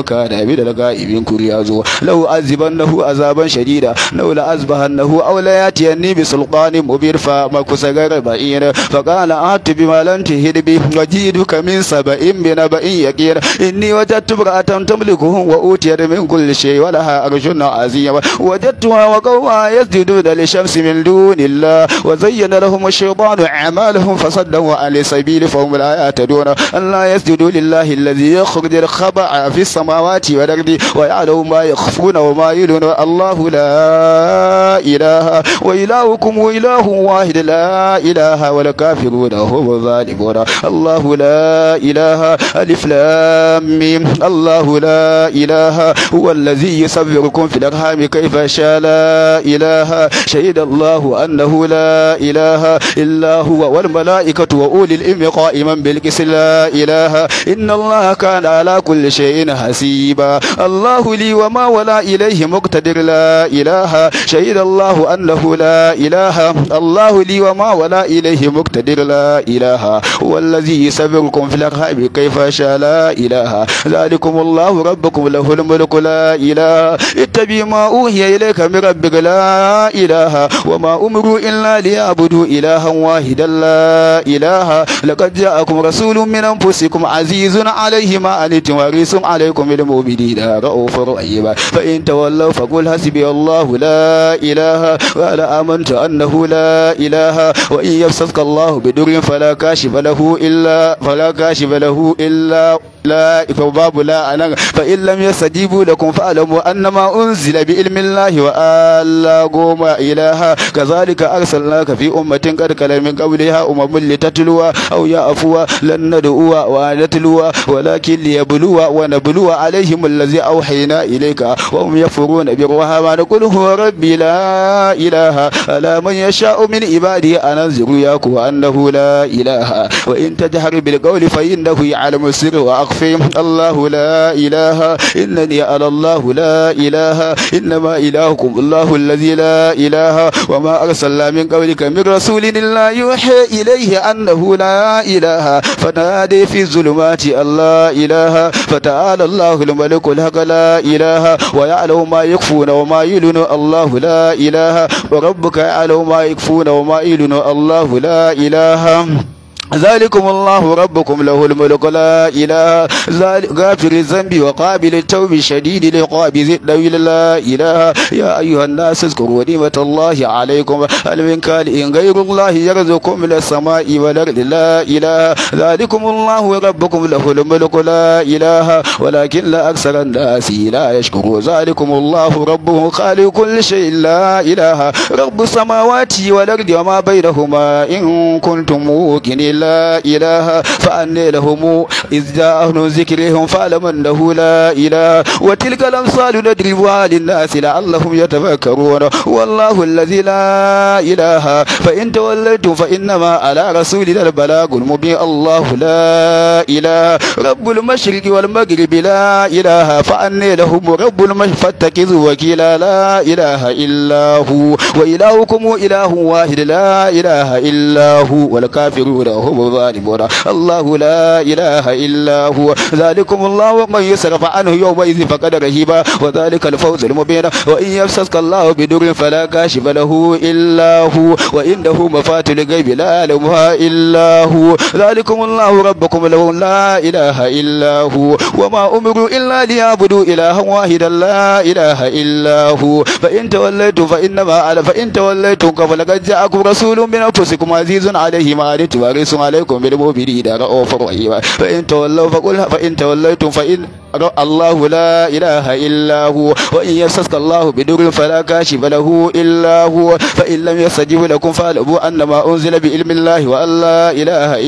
kana bi da ga'ibin kuriya zo lau azibannahu azaban shadida lau la azbahannahu aw la yatiyanni bi sulqanin mubir fa ma kusagara ba'in fa qala ati bima lam tahid bi wajiduka min sab'in bi naba'in yaqir inni wajadtu ra'atan tamlikuhum wa utiyat min kulli shay wa laha arshun azim wajadtuha wa qawma yasjuduna li shamsi min dunillah wa zayyana lahum ash-shaytanu a'malahum fasaddahu 'ala sabili fahum la yahtadun an la yasjudu lillahi alladhi yakhrij al-khaba'a fi as-sama'i السماوات والأرض ويعلم ما يخفون وما يلون الله لا إله وإلهكم وإله واحد لا إله ولا كافرون هم الظالمون الله لا إله ألف لام ميم الله لا إله هو الذي يصبركم في الأرحام كيف شاء لا إله شهد الله أنه لا إله إلا هو والملائكة وأولي الإم قائما بالكس لا إله إن الله كان على كل شيء حسيب نصيبا الله لي وما ولا إليه مقتدر لا إله شهد الله أنه لا إله الله لي وما ولا إليه مقتدر لا إله هو الذي يسبقكم في الأرحام كيف شاء لا إله ذلكم الله ربكم له الملك لا إله اتبع ما أوحي إليك من ربك لا إله وما أمروا إلا ليعبدوا إلها واحدا لا إله لقد جاءكم رسول من أنفسكم عزيز عليه ما أنتم وارث عليكم بالمؤمنين رؤوف رحيم فإن تولوا فقل حسبي الله لا إله وأنا آمنت أنه لا إله وإن يمسسك الله بدر فلا كاشف له إلا فلا كاشف له إلا لا فباب لا أنا فإن لم يستجيبوا لكم فاعلموا أنما أنزل بإلم الله وآلا قوم إله كذلك أرسلناك في أمة قد كلم من قبلها أمم لتتلوى أو يعفوا لن ندعوا ونتلوى ولكن ليبلوى ونبلوى عليهم الذي أوحينا إليك وهم يفرون بالرهبان قل هو ربي لا إله ألا من يشاء من عباده أن أنذر إياك وأنه لا إله وإن تجهر بالقول فإنه يعلم السر وأخفي الله لا إله إنني على الله لا إله إنما إلهكم الله الذي لا إله وما أرسلنا من قبلك من رسول إلا يوحي إليه أنه لا إله فنادي في الظلمات الله إله فتعالى الله الله الملك الحق لا إله ويعلم ما يكفون وما يلون الله لا إله وربك يعلم ما يكفون وما يلون الله لا إله ذلكم الله ربكم له الملك لا إله ذلك غافر الذنب وقابل التوب شديد العقاب ذي الدويل لا إله يا أيها الناس اذكروا نعمة الله عليكم هل من ان غير الله يرزقكم من السماء والأرض لا إله ذلكم الله ربكم له الملك لا إله ولكن لا أكثر الناس لا يشكروا ذلكم الله ربه خالق كل شيء لا إله رب السماوات والأرض وما بينهما إن كنتم موقنين لا إله فأني لهم إذ جاءهم ذكرهم فعلم أنه لا إله وتلك الأمثال ندربها للناس لعلهم يتفكرون والله الذي لا إله فإن توليتم فإنما على رسولنا البلاغ المبين الله لا إله رب المشرق والمغرب لا إله فأني لهم رب المشرق فاتخذوا وكيلا لا إله إلا هو وإلهكم إله واحد لا إله إلا هو والكافرون وهو ظالمون الله لا إله إلا هو ذلكم الله من يصرف عنه يومئذ فقد رهيبا وذلك الفوز المبين وإن يمسسك الله بدر فلا كاشف له إلا هو وإنه مفاتن الغيب لا يعلمها إلا هو ذلكم الله ربكم له لا إله إلا هو وما أمروا إلا ليعبدوا إلها واحدا لا إله إلا هو فإن توليتم فإنما على فإن توليتم فلقد جاءكم رسول من أنفسكم عزيز عليه ما عليتم alaikum bil mu'minina ra'ufur rahim fa in tawallaw fa qul fa in ro allahu la ilaha illahu wa in yasaska allahu bi dugul fala kashi fa lahu illahu fa in lam yasajib lakum fa alabu anna ma unzila bi ilmi allahi wa alla ilaha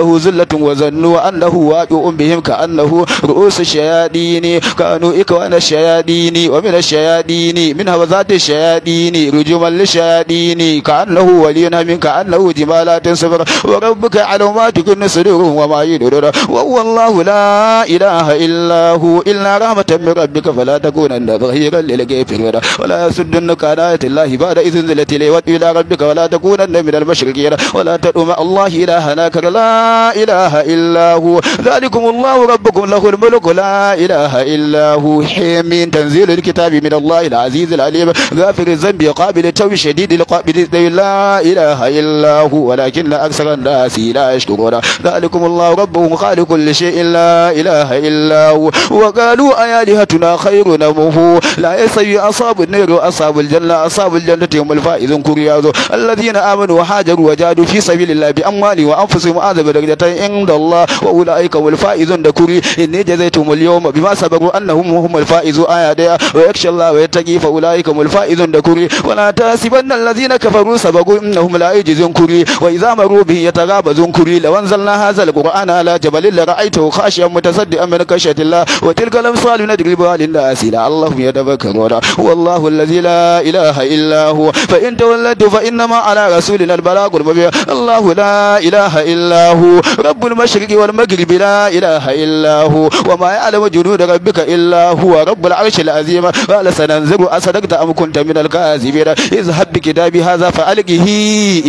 له ذلة وظنوا أنه واقع بهم كأنه رؤوس الشياطين كانوا إكوان الشياطين ومن الشياطين من هوزات الشياطين رجوما للشياطين كأنه ولينا نعم، من كأنه جمالات سفر وربك على ما تكن صدورهم وما يدرون وهو الله لا إله إلا هو إلا رحمة من ربك فلا تكونن ظهيرا للكافرين ولا يسدنك عن آيات الله بعد إذ انزلت إليه وإلى ربك ولا تكونن من المشركين ولا تدعو مع الله إلها آخر لا إله إلا هو ذلكم الله ربكم له الملك لا إله إلا هو حمين تنزيل الكتاب من الله العزيز العليم غافر الذنب قابل التوب شديد القابل لا إله إلا هو ولكن أكثر الناس لا يشكرون ذلكم الله ربهم خالق كل شيء لا إله إلا هو وقالوا آلهتنا خير نمه لا يسوي أصاب النير أصاب الجنة أصاب الجنة هم الفائزون كرياذ الذين آمنوا وحاجروا وجادوا في سبيل الله بأموال وأنفسهم أعظم darajatan inda Allah wa ulaika wal faizun da kuri ne jazaitu mul yawma bima sabaru annahum al faizu aya daya wa yakhsha Allah wa yataqi fa ulaika mul faizun da kuri wa la tasibanna allazina kafaru sabaru innahum la yajizun kuri wa idza maru bihi yatarabazun kuri law anzalna hadha al qur'ana ala jabalin la ra'aytahu khashiyan mutasaddian min khashyati Allah wa tilka al amsalu nadribu lin nas la Allahum wa wallahu alladhi la ilaha illa hu fa in tawallatu fa innama ala rasulina al balagul mubin Allah la ilaha illa hu رب المشرق والمغرب لا إله إلا هو وما يعلم جنود ربك إلا هو رب العرش العظيم قال سننزل أصدقت أم كنت من الكاذبين اذهب بكتابي هذا فألقه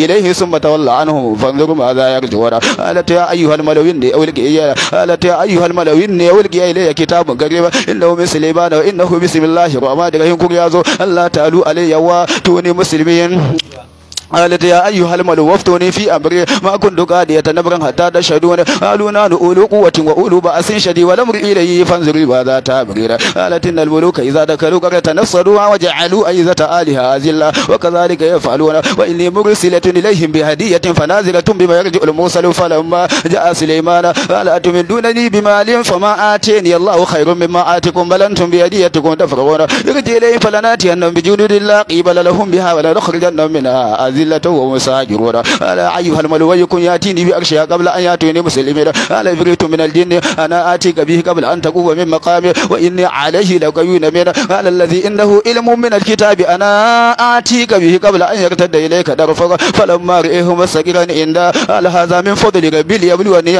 إليه ثم تولى عنه فانظر ماذا يرجون قالت يا أيها الملوين إني أولقي إياه قالت يا أيها الملوين إني أولقي إليه كتاب قريب إنه من سليمان وإنه بسم الله الرحمن الرحيم كن يازو ألا تعلوا علي وتوني مسلمين قالت يا أيها الملو وافتوني في أمري ما كنت قادية نبرا حتى تشهدون قالوا نحن أولو قوة وأولو بأس شديد والأمر إليه فانظري ماذا تأمرين قالت إن الملوك إذا دخلوا قرية نصروها وجعلوا أيزة آلهة أذلة وكذلك يفعلون وإني مرسلة إليهم بهدية فنازلة بما يرجع المرسل فلما جاء سليمان قال أتمدونني بمال فما آتيني الله خير مما آتكم بل أنتم بهديتكم تفرحون ارجع إليهم فلناتينهم بجنود لا قبل لهم بها ولنخرجنهم منها ومساجر ورا على أيها الملوك يأتيني بأغشيها قبل أن يأتيني مسلمين على بريت من الجن أنا آتيك به قبل أن تقوم من مقامي وإني عليه لقيون من على الذي إنه علم من الكتاب أنا آتيك به قبل أن يرتد إليك درفق فلما رئيه مسكرا إن على هذا من فضل ربي ليبلوني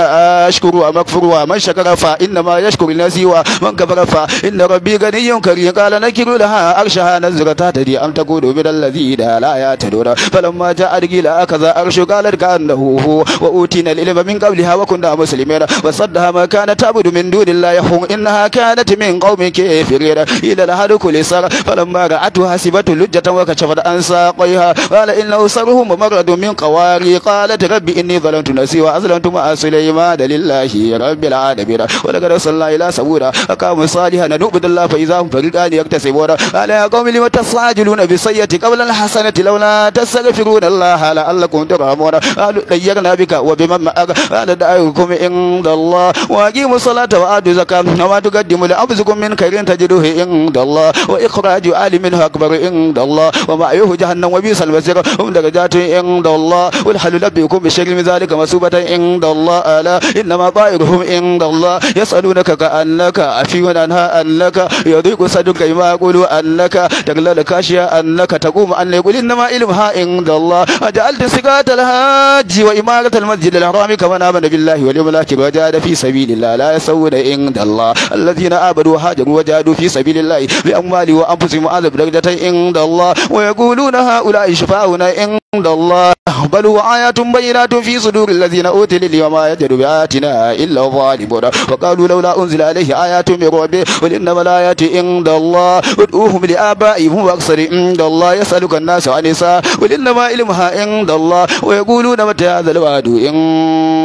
أشكر ومكفر ومن شكر فإنما يشكر الناس ومن كفر فإن ربي غني كريم قال نكر لها أغشها نزرتها تدي أم تقول من الذين لا يعتدون فلما falamma ja'a digila aka za arshu galar ga annahu wa utina al-ilma min qabli a kunna muslimina wa saddaha ma kana ta'budu min dunillahi hum innaha kanat min qaumi kafirina ila al-hadu kul sar falamma ra'atu hasibatu lujjatan wa kashafat an saqiha wala inna sarhum maradu min qawari qalat rabbi inni a nafsi wa azlamtu ma sulayma lillahi rabbil alamin wa laqad sallallahu ila sabura aqamu salihan na nubu dalla fa iza hum fariqani yaktasibuna ala ya qaumi limata sajiluna bi sayyati qabla al-hasanati lawla tasaga تستغفرون الله لعلكم ترحمون قالوا طيرنا بك وبما معك انا دعوكم عند الله واقيموا الصلاة وآتوا الزكاة وما تقدموا لأنفسكم من خير تجدوه عند الله وإخراج آل منه أكبر عند الله ومأويه جهنم وبئس المصير هم درجات عند الله والحل لبيكم بشر من ذلك مسوبة عند الله ألا إنما طائرهم عند الله يسألونك كأنك عفي عنها أنك يضيق صدرك ما يقول أنك تغلل كاشيا أنك تقوم أن يقول إنما علمها عند عنك الله أجعلت سقاة الهاج وإمارة المسجد الحرام كمن آمن بالله واليوم الآخر وجاد في سبيل الله لا يسوون عند الله الذين آمنوا وهاجروا وجادوا في سبيل الله بأموال وأنفسهم وأعظم درجة عند الله ويقولون هؤلاء شفاؤنا عند عند الله بل هو آيات بينات في صدور الذين أوتوا العلم وما يجدوا بآياتنا إلا الظالمون وقالوا لولا أنزل عليه آيات من ربه قل إنما الآيات عند الله ادعوهم لآبائهم وأكثر عند الله يسألك الناس عن نساء قل إنما علمها عند الله ويقولون متى هذا الوعد إن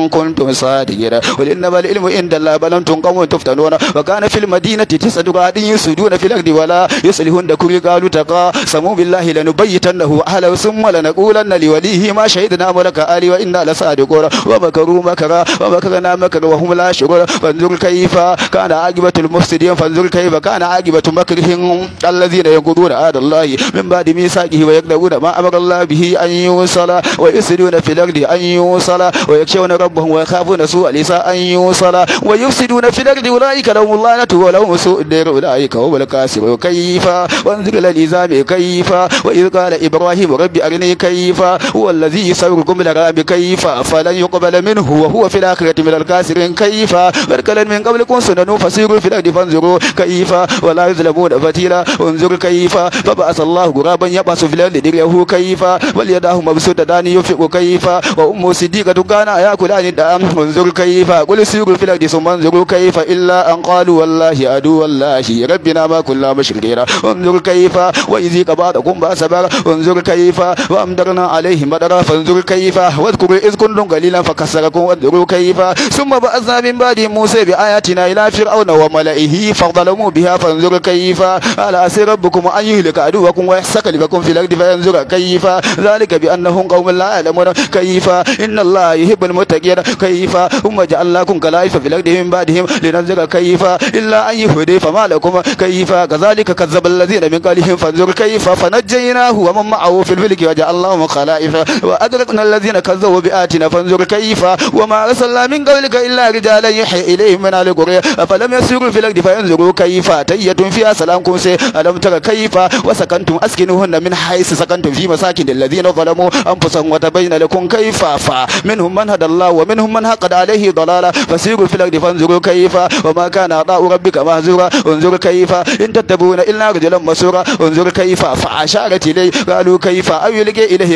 كنتم صادقين قل إنما العلم عند الله بل أنتم قوم تفتنون وكان في المدينة تسعة قاعد يسجدون في الأرض ولا يصلحون ذكر قالوا تقاسموا بالله لنبيتنه أهله ثم لنقول لنا لوليه ما شهدنا ملك آلي وإنا لصادقون ومكروا مكرا ومكرنا مكرا وهم لا شعور فانظر كيف كان عاقبة المفسدين فانظر كيف كان عاقبة مكرهم الذين يقولون آد الله من بعد ميثاقه ويكذبون ما أمر الله به أن يوصل ويفسدون في الأرض أن يوصل ويخشون ربهم ويخافون سوء الإساء أن يوصل ويفسدون في الأرض أولئك لهم اللعنة ولهم سوء الدير أولئك هم الكاسبون كيف وانظر للنظام كيف وإذ قال إبراهيم ربي أرني كيف كيف والذي يسوقكم بالأرحام كيف فلن يقبل منه وهو في الآخرة من الكاسرين كيف وركلا من قبلكم سنن فسيروا في الأرض فانظروا كيف ولا يظلمون فتيلا انظر كيف فبأس الله غرابا يبأس في الأرض ليريه كيف وليداه داني يفق كيف وأم صديقة كان يأكلان الدعام انظر كيف قل سيروا في الأرض ثم انظروا كيف إلا أن قالوا والله أدو والله ربنا ما كنا مشركين انظر كيف وإذيك بعضكم بأسبر انظر كيف وأمدرنا ومطرنا عليهم مدرا فانظر كيف واذكر إذ كنتم قليلا فكسركم وانظروا كيف ثم بعثنا من بعد موسى بآياتنا إلى فرعون وملئه فظلموا بها فانظر كيف ألا اسر ربكم أن يهلك عدوكم ويحسك لكم في الأرض فانظر كيف ذلك بأنهم قوم لا يعلمون كيف إن الله يحب المتقين كيف ثم جعلناكم كلائف في الأرض من بعدهم لننظر كيف إلا أن يهدي فما لكم كيف كذلك كذب الذين من قبلهم فانظر كيف فنجيناه ومن معه في الفلك وجعلناهم كانوا خلائف وأدركنا الذين كذبوا بآتنا فانظر كيف وما أرسلنا من قبلك إلا رجالا يحيي إليهم من أهل القرى أفلم يسيروا في الأرض فينظروا كيف تية فيها سلامكم سي ألم ترى كيف وسكنتم أسكنوهن من حيث سكنتم في مساكن الذين ظلموا أنفسهم وتبين لكم كيف فمنهم من هدى الله ومنهم من حقد عليه ضلالا فسيروا في الأرض فانظروا كيف وما كان أعطاء ربك مهزورا انظر كيف إن تتبون إلا رجلا مسورا انظر كيف فأشارت إليه قالوا كيف أو يلقي إليه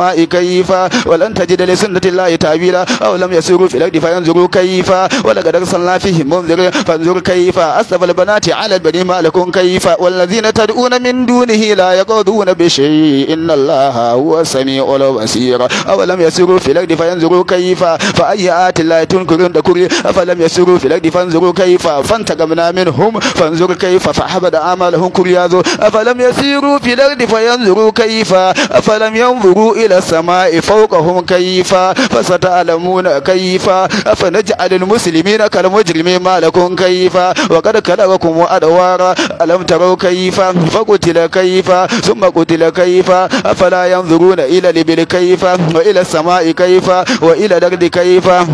السماء كيفا ولن تجد لسنة الله تعبيرا أو لم يسيروا في الأرض فينظروا كيفا ولقد أرسلنا فيهم منذر فانظر كيفا أسف البنات على البني ما لكم كيفا والذين تدعون من دونه لا يقضون بشيء إن الله هو السميع البصير أولم يسيروا في الأرض فينظروا كيفا فأي آت آية الله تنكرون ذكري أفلم يسيروا في الأرض فانظروا كيفا فانتقمنا منهم فانظر كيف فحبد أعمالهم كرياذ أفلم يسيروا في الأرض فينظروا كيف أفلم ينظروا ارجعوا إلى السماء فوقهم كيفا فستعلمون كيفا أفنجعل المسلمين كالمجرمين ما لكم كيفا وقد خلقكم أدوارا ألم تروا كيفا فقتل كيفا ثم قتل كيفا أفلا ينظرون إلى الإبل كيفا وإلى السماء كيفا وإلى الأرض كيفا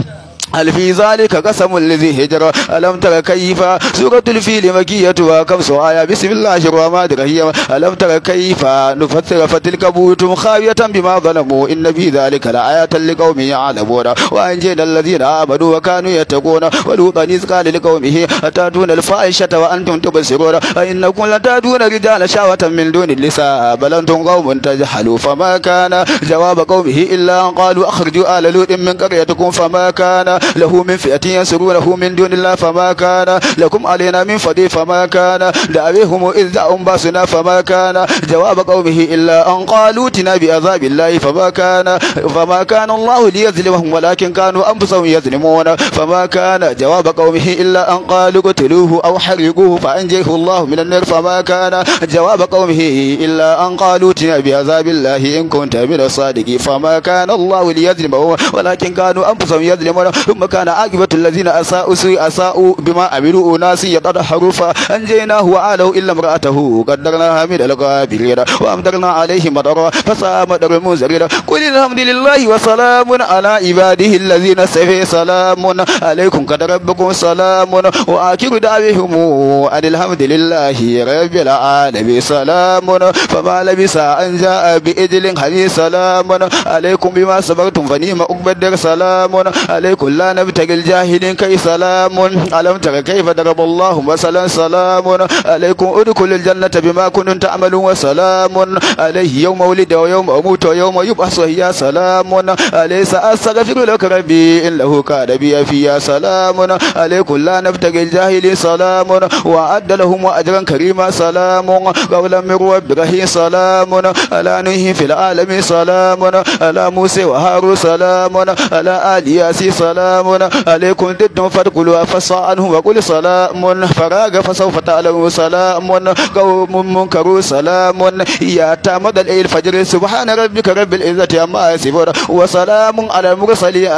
هل في ذلك قسم الذي هجر ألم ترى كيف سورة الفيل مكية وكم سوايا بسم الله الرحمن الرحيم ألم ترى كيف نفسر فتلك بيوت خاوية بما ظلموا إن في ذلك لآية لقوم يعلمون وأنجينا الذين آمنوا وكانوا يتقون ولوطا إذ قال لقومه أتاتون الفاحشة وأنتم تبصرون أئنكم لتاتون رجال شهوة من دون النساء بل أنتم قوم تجحلوا فما كان جواب قومه إلا أن قالوا أخرجوا آل لوط من قريتكم فما كان La kuma min fe'atina ya suru min duni na fama ka na. La kuma min faɗi na fama ka na. Da abe ku mu isa unbasu na fama ka na. Jawabu a ka mafi illa an kallun tuni biyanzabilaye fama Allah yazu na walakin kanu an fusa mu ya zama a wani. Famakana jawabu a ka mafi illa an kallun tuni awa an jihar Allah milaminer famakana. Jawabu a illa an kallun tuni biyanzabilaye in kon ta biro sadiki fama ka na. Allah yazu na walakin kanu an fusa ثم كان عاقبة الذين أساءوا سوء أساءوا بما عملوا أناس يقطع حروفا أنجيناه وآله إلا امرأته قدرناها من الغابرين وأمدرنا عليه مطرا فساء مطر المنذرين قل الحمد لله وسلام على عباده الذين سفي سلام عليكم قد ربكم سلام وآخر دعوهم أن الحمد لله رب العالمين سلام فما لبس أن جاء بإجل حني سلام عليكم بما صبرتم فنيم أكبر سلام عليكم لا نبتغي الجاهلين كي سلام ألم تر كيف ضرب الله مثلا سلام عليكم ادخلوا الجنة بما كنتم تعملون وسلام عليه يوم ولد ويوم أموت ويوم يبعث يا سلام أليس أستغفر لك ربي إنه كان بي في يا سلام عليكم لا نبتغي الجاهلين سلام وأعد لهم أجرا كريما سلام قولا من رب رحيم سلام على نوح في العالمين سلام على موسى وهارون سلام على آل ياسين سلام سلام عليكم ضد فادخلوا فصاعا وقل سلام فراغ فسوف تعلموا سلام قوم منكروا سلام يا تامد الفجر سبحان ربك رب العزة عما يصفون وسلام على المرسلين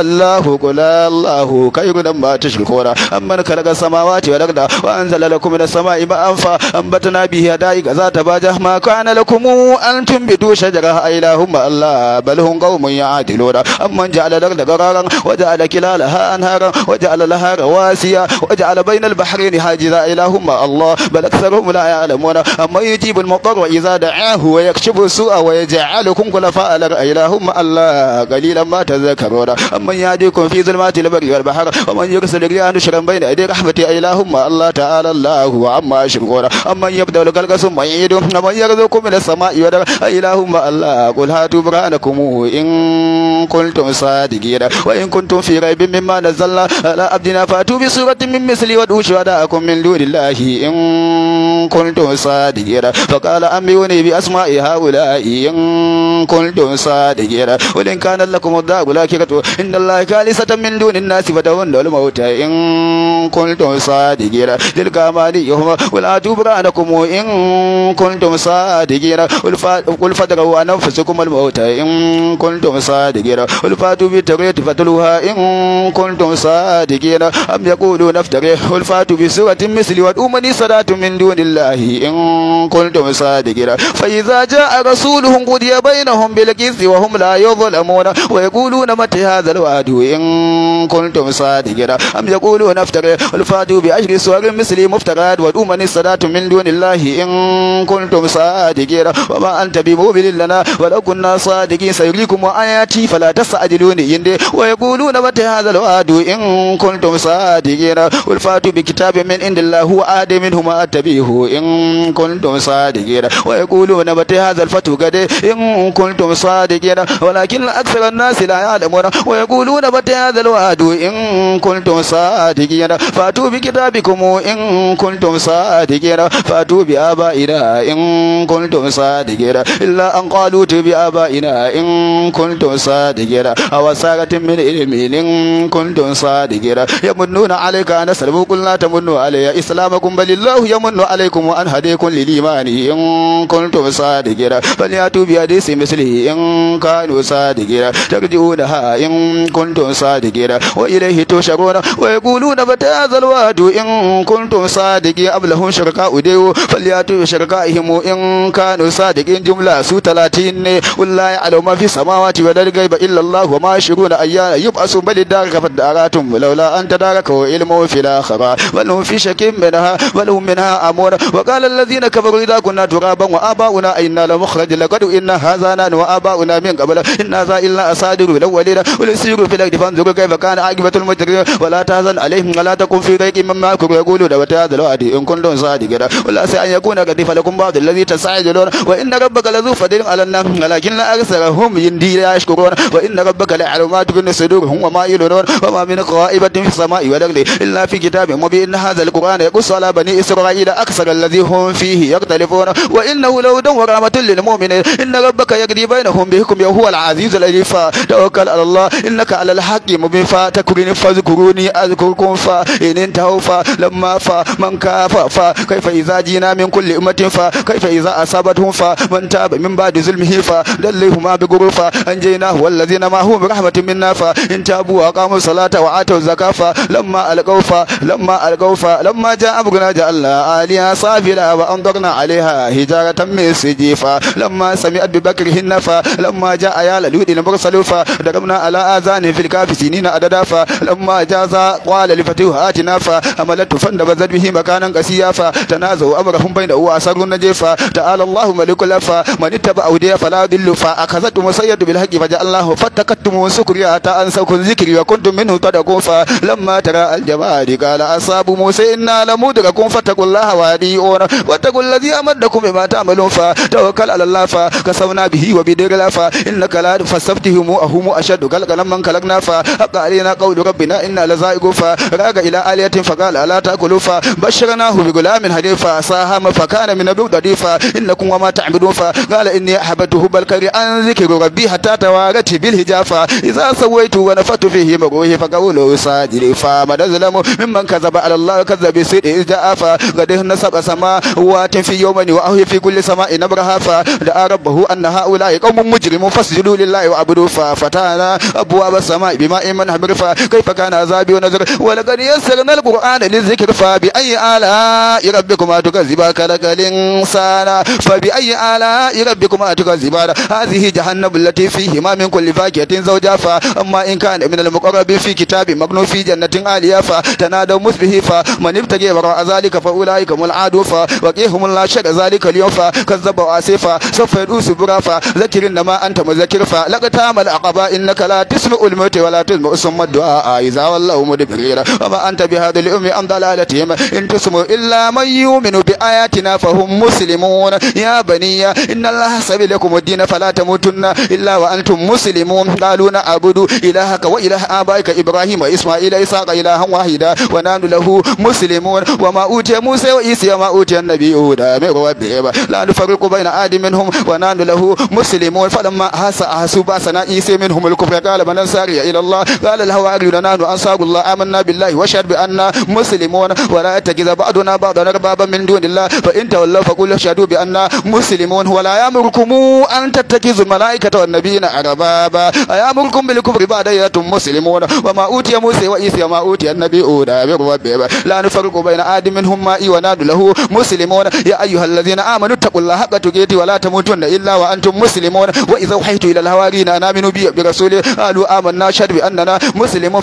الله قل الله خير ما تشركون أمن خلق السماوات والأرض وأنزل لكم من السماء ماء فأنبتنا به حدائق ذات بهجة ما كان لكم أن تنبتوا شجرها إله إلا الله بل هم قوم يعدلون أمن جعل الأرض قرارا أبرارا وجعل كلالها أنهارا وجعل لها رواسيا وجعل بين البحرين حاجزا إلهما الله بل أكثرهم لا يعلمون أما يجيب المضطر إذا دعاه ويكشف السوء ويجعلكم خلفاء إلهما الله قليلا ما تذكرون أما يهديكم في ظلمات البر والبحر ومن يرسل الرياح نشرا بين يدي رحمتي إلهما الله تعالى الله عما يشركون أما يبدأ القلق ثم يعيد ومن يرزقكم من السماء والأرض إلهما الله قل هاتوا برهانكم إن كنتم صادقين Wa yi nkuntun firigai. Bin min ma na zalla. Ala abu na fa. Tuɓi suratimin misiri, waɗansu a da. Akun min, duri lahi. Yankun tun sa digera. Faka la bi asma, iya haru da. Yankun tun sa digera. Wuli kanalla kuma da wula ki ka min duni na si fa ta hundar mawutai. Yankun tun sa digera. Jirgi kamani ya fa ma. Wuli a tu bura ana kunmu. fa da ra wa na fa su kun bar mawutai. Yankun fa tu bi tare فتلوها إن كنتم صادقين أم يقولون افتريه الفات بسورة مثل والأمني صلاة من دون الله إن كنتم صادقين فإذا جاء رسولهم قضي بينهم بالقسط وهم لا يظلمون ويقولون متى هذا الوعد إن كنتم صادقين أم يقولون افتريه الفات بأجر سور مثل مفترات والأمني صلاة من دون الله إن كنتم صادقين وما أنت بمؤمن لنا ولو كنا صادقين سيريكم وآياتي فلا تستعجلون يندي ويقولون متى هذا الوعد إن كنتم صادقين قل فاتوا بكتاب من عند الله هو أحد منهما أتبعه إن كنتم صادقين ويقولون متى هذا الفتو قد إن كنتم صادقين ولكن أكثر الناس لا يعلمون ويقولون متى هذا الوعد إن كنتم صادقين فاتوا بكتابكم إن كنتم صادقين فاتوا بآبائنا إن كنتم صادقين إلا أن قالوا بآبائنا إن كنتم صادقين أو سارت ayatin min ilmi in kuntum sadiqira yamunnuna alayka an salimu qul alayya islamakum bal lillahi alaykum wa an hadaykum lil imani in kuntum sadiqira bi hadisi in kanu sadiqira ha in kuntum sadiqira wa ilayhi wa yaquluna in kuntum sadiqi shirka udayu in kanu sadiqin jumla su 30 ne wallahi alama fi samawati wa illa allah wa ma ايانا يبقى بل الدار قد لولا أن تداركه علم في الآخرة ولهم في شك منها ولهم منها أمور وقال الذين كفروا إذا كنا ترابا وآباؤنا إنا لمخرج لقد إن هذا نحن وآباؤنا من قبل إن هذا إلا أساطير الأولين ولسيروا في الأرض فانظروا كيف كان عاقبة المجرمين ولا تهزن عليهم ولا تكن في ضيق مما يقولون وتهزلوا وتعذلوا إن كنتم صادقين ولا ان يكون قد فلكم بعض الذي تستعجلون وإن ربك لذو فضل على الناس ولكن أكثرهم لا يشكرون وإن ربك لعلى تكن صدورهم وما يلونون وما من قائبة في السماء والأرض إلا في كتاب مبين هذا القرآن يقص على بني إسرائيل أكثر الذي هم فيه يختلفون وإنه لو لهدى ورحمة للمؤمنين إن ربك يقضي بينهم بحكم وهو العزيز الذي توكل على الله إنك على الحق مبين فتكرني فاذكروني أذكركم فإن انتهوا فلما فمن كاف فكيف إذا جينا من كل أمة فكيف إذا أصابتهم فمن تاب من بعد ظلمه فدليهما بغرفة أنجيناه والذين ما هم برحمة منا nafa in tabu wa salata wa zakafa lamma alqaufa lamma alqaufa lamma jaa abguna ja'alna aliya safila wa andarna alaiha hijaratan min sijifa lamma sami'at bi bakrihin nafa lamma jaa ya laludi mursalufa darabna ala azani fil kafisinina adadafa lamma jaza qala li fatuhatina fa amalatu fanda bazad bihi makanan qasiya fa tanazu amrahum ta an kun zikiri wa kuntum minhu tadakun fa lamma tara aljama'ati qala ashabu musa inna la mudrakun fattaqullaha wa adiyun wattaqul ladhi amadakum bima ta'malun fa tawakkal 'ala allah fa kasawna bihi wa bidiril fa innaka la fasaftihum ahum ashaddu galgalam man kalakna fa haqa alina qawlu rabbina inna la za'iqu fa raga ila aliyatin fa qala la ta'kulu fa basharnahu bi gulamin hadifa sahama fa kana min abu dadifa innakum wa ma ta'budun fa qala inni ahabatu bal kari an zikru rabbi hatta tawarati bil hijafa idza sawaitu wa nafatu fihi min ruhi fa qawlu sajidi fa madzalamu mimman kadzaba da allah kadzabi sidi ja'afa qad nasaba sama wa tin fi yawmin wa ahya fi kulli sama in abraha fa da rabbahu anna haula qaumun mujrimun fasjudu lillahi wa abudu fa fatana abwab sama bima iman habrifa kayfa kana azabi wa nazr wa laqad yassarna alqur'ana lizikr fa bi ayi ala rabbikum atukaziba kalakalin sana fa bi ayi ala rabbikum atukaziba hadhihi jahannam allati fihi ma min kulli fakihatin zawja amma in ka kana min al-muqarrabi fi kitabi magnu fi jannatin aliya fa tanadaw musbihi fa man ibtagi wara zalika fa ulaika mul adu fa wa qihum la shaka zalika al-yawm fa kazzaba asifa sawfa yadusu burafa zakirin nama anta muzakkir fa laqata mal aqaba innaka la tisma'ul mauti wa la tasma'u summa du'a iza wallahu mudbirira wa ma anta bihadhi al-ummi am dalalatihim in tusmu illa man yu'minu bi ayatina fa hum muslimun ya baniya inna allaha sabilakum ad-din fala tamutunna illa wa antum muslimun qalu abudu إلهك وإله آبائك إبراهيم وإسماعيل إسحاق إلها واحدا ونحن له مسلمون وما أوتي موسى وإيسى وما أوتي النبيون من ربهم لا نفرق بين أحد منهم ونحن له مسلمون فلما حس أحسوا بأسنا إيسى منهم الكفر قال من أنصار إلى الله قال الهواريون نحن أنصار الله آمنا بالله واشهد بأننا مسلمون ولا يتخذ بعضنا بعضا أربابا من دون الله فإن تولوا فقل اشهدوا بأننا مسلمون ولا يأمركم أن تتخذوا الملائكة والنبيين أربابا أيامركم بالكفر kufur ibadatun muslimun wa ma utiya musa wa isa ma utiya annabi ya ayyuhalladhina amanu taqullaha haqqa tuqati wa la tamutunna illa wa antum muslimun wa idha uhaytu ila alhawarina aminu bi rasuli qalu amanna shahadu bi annana muslimun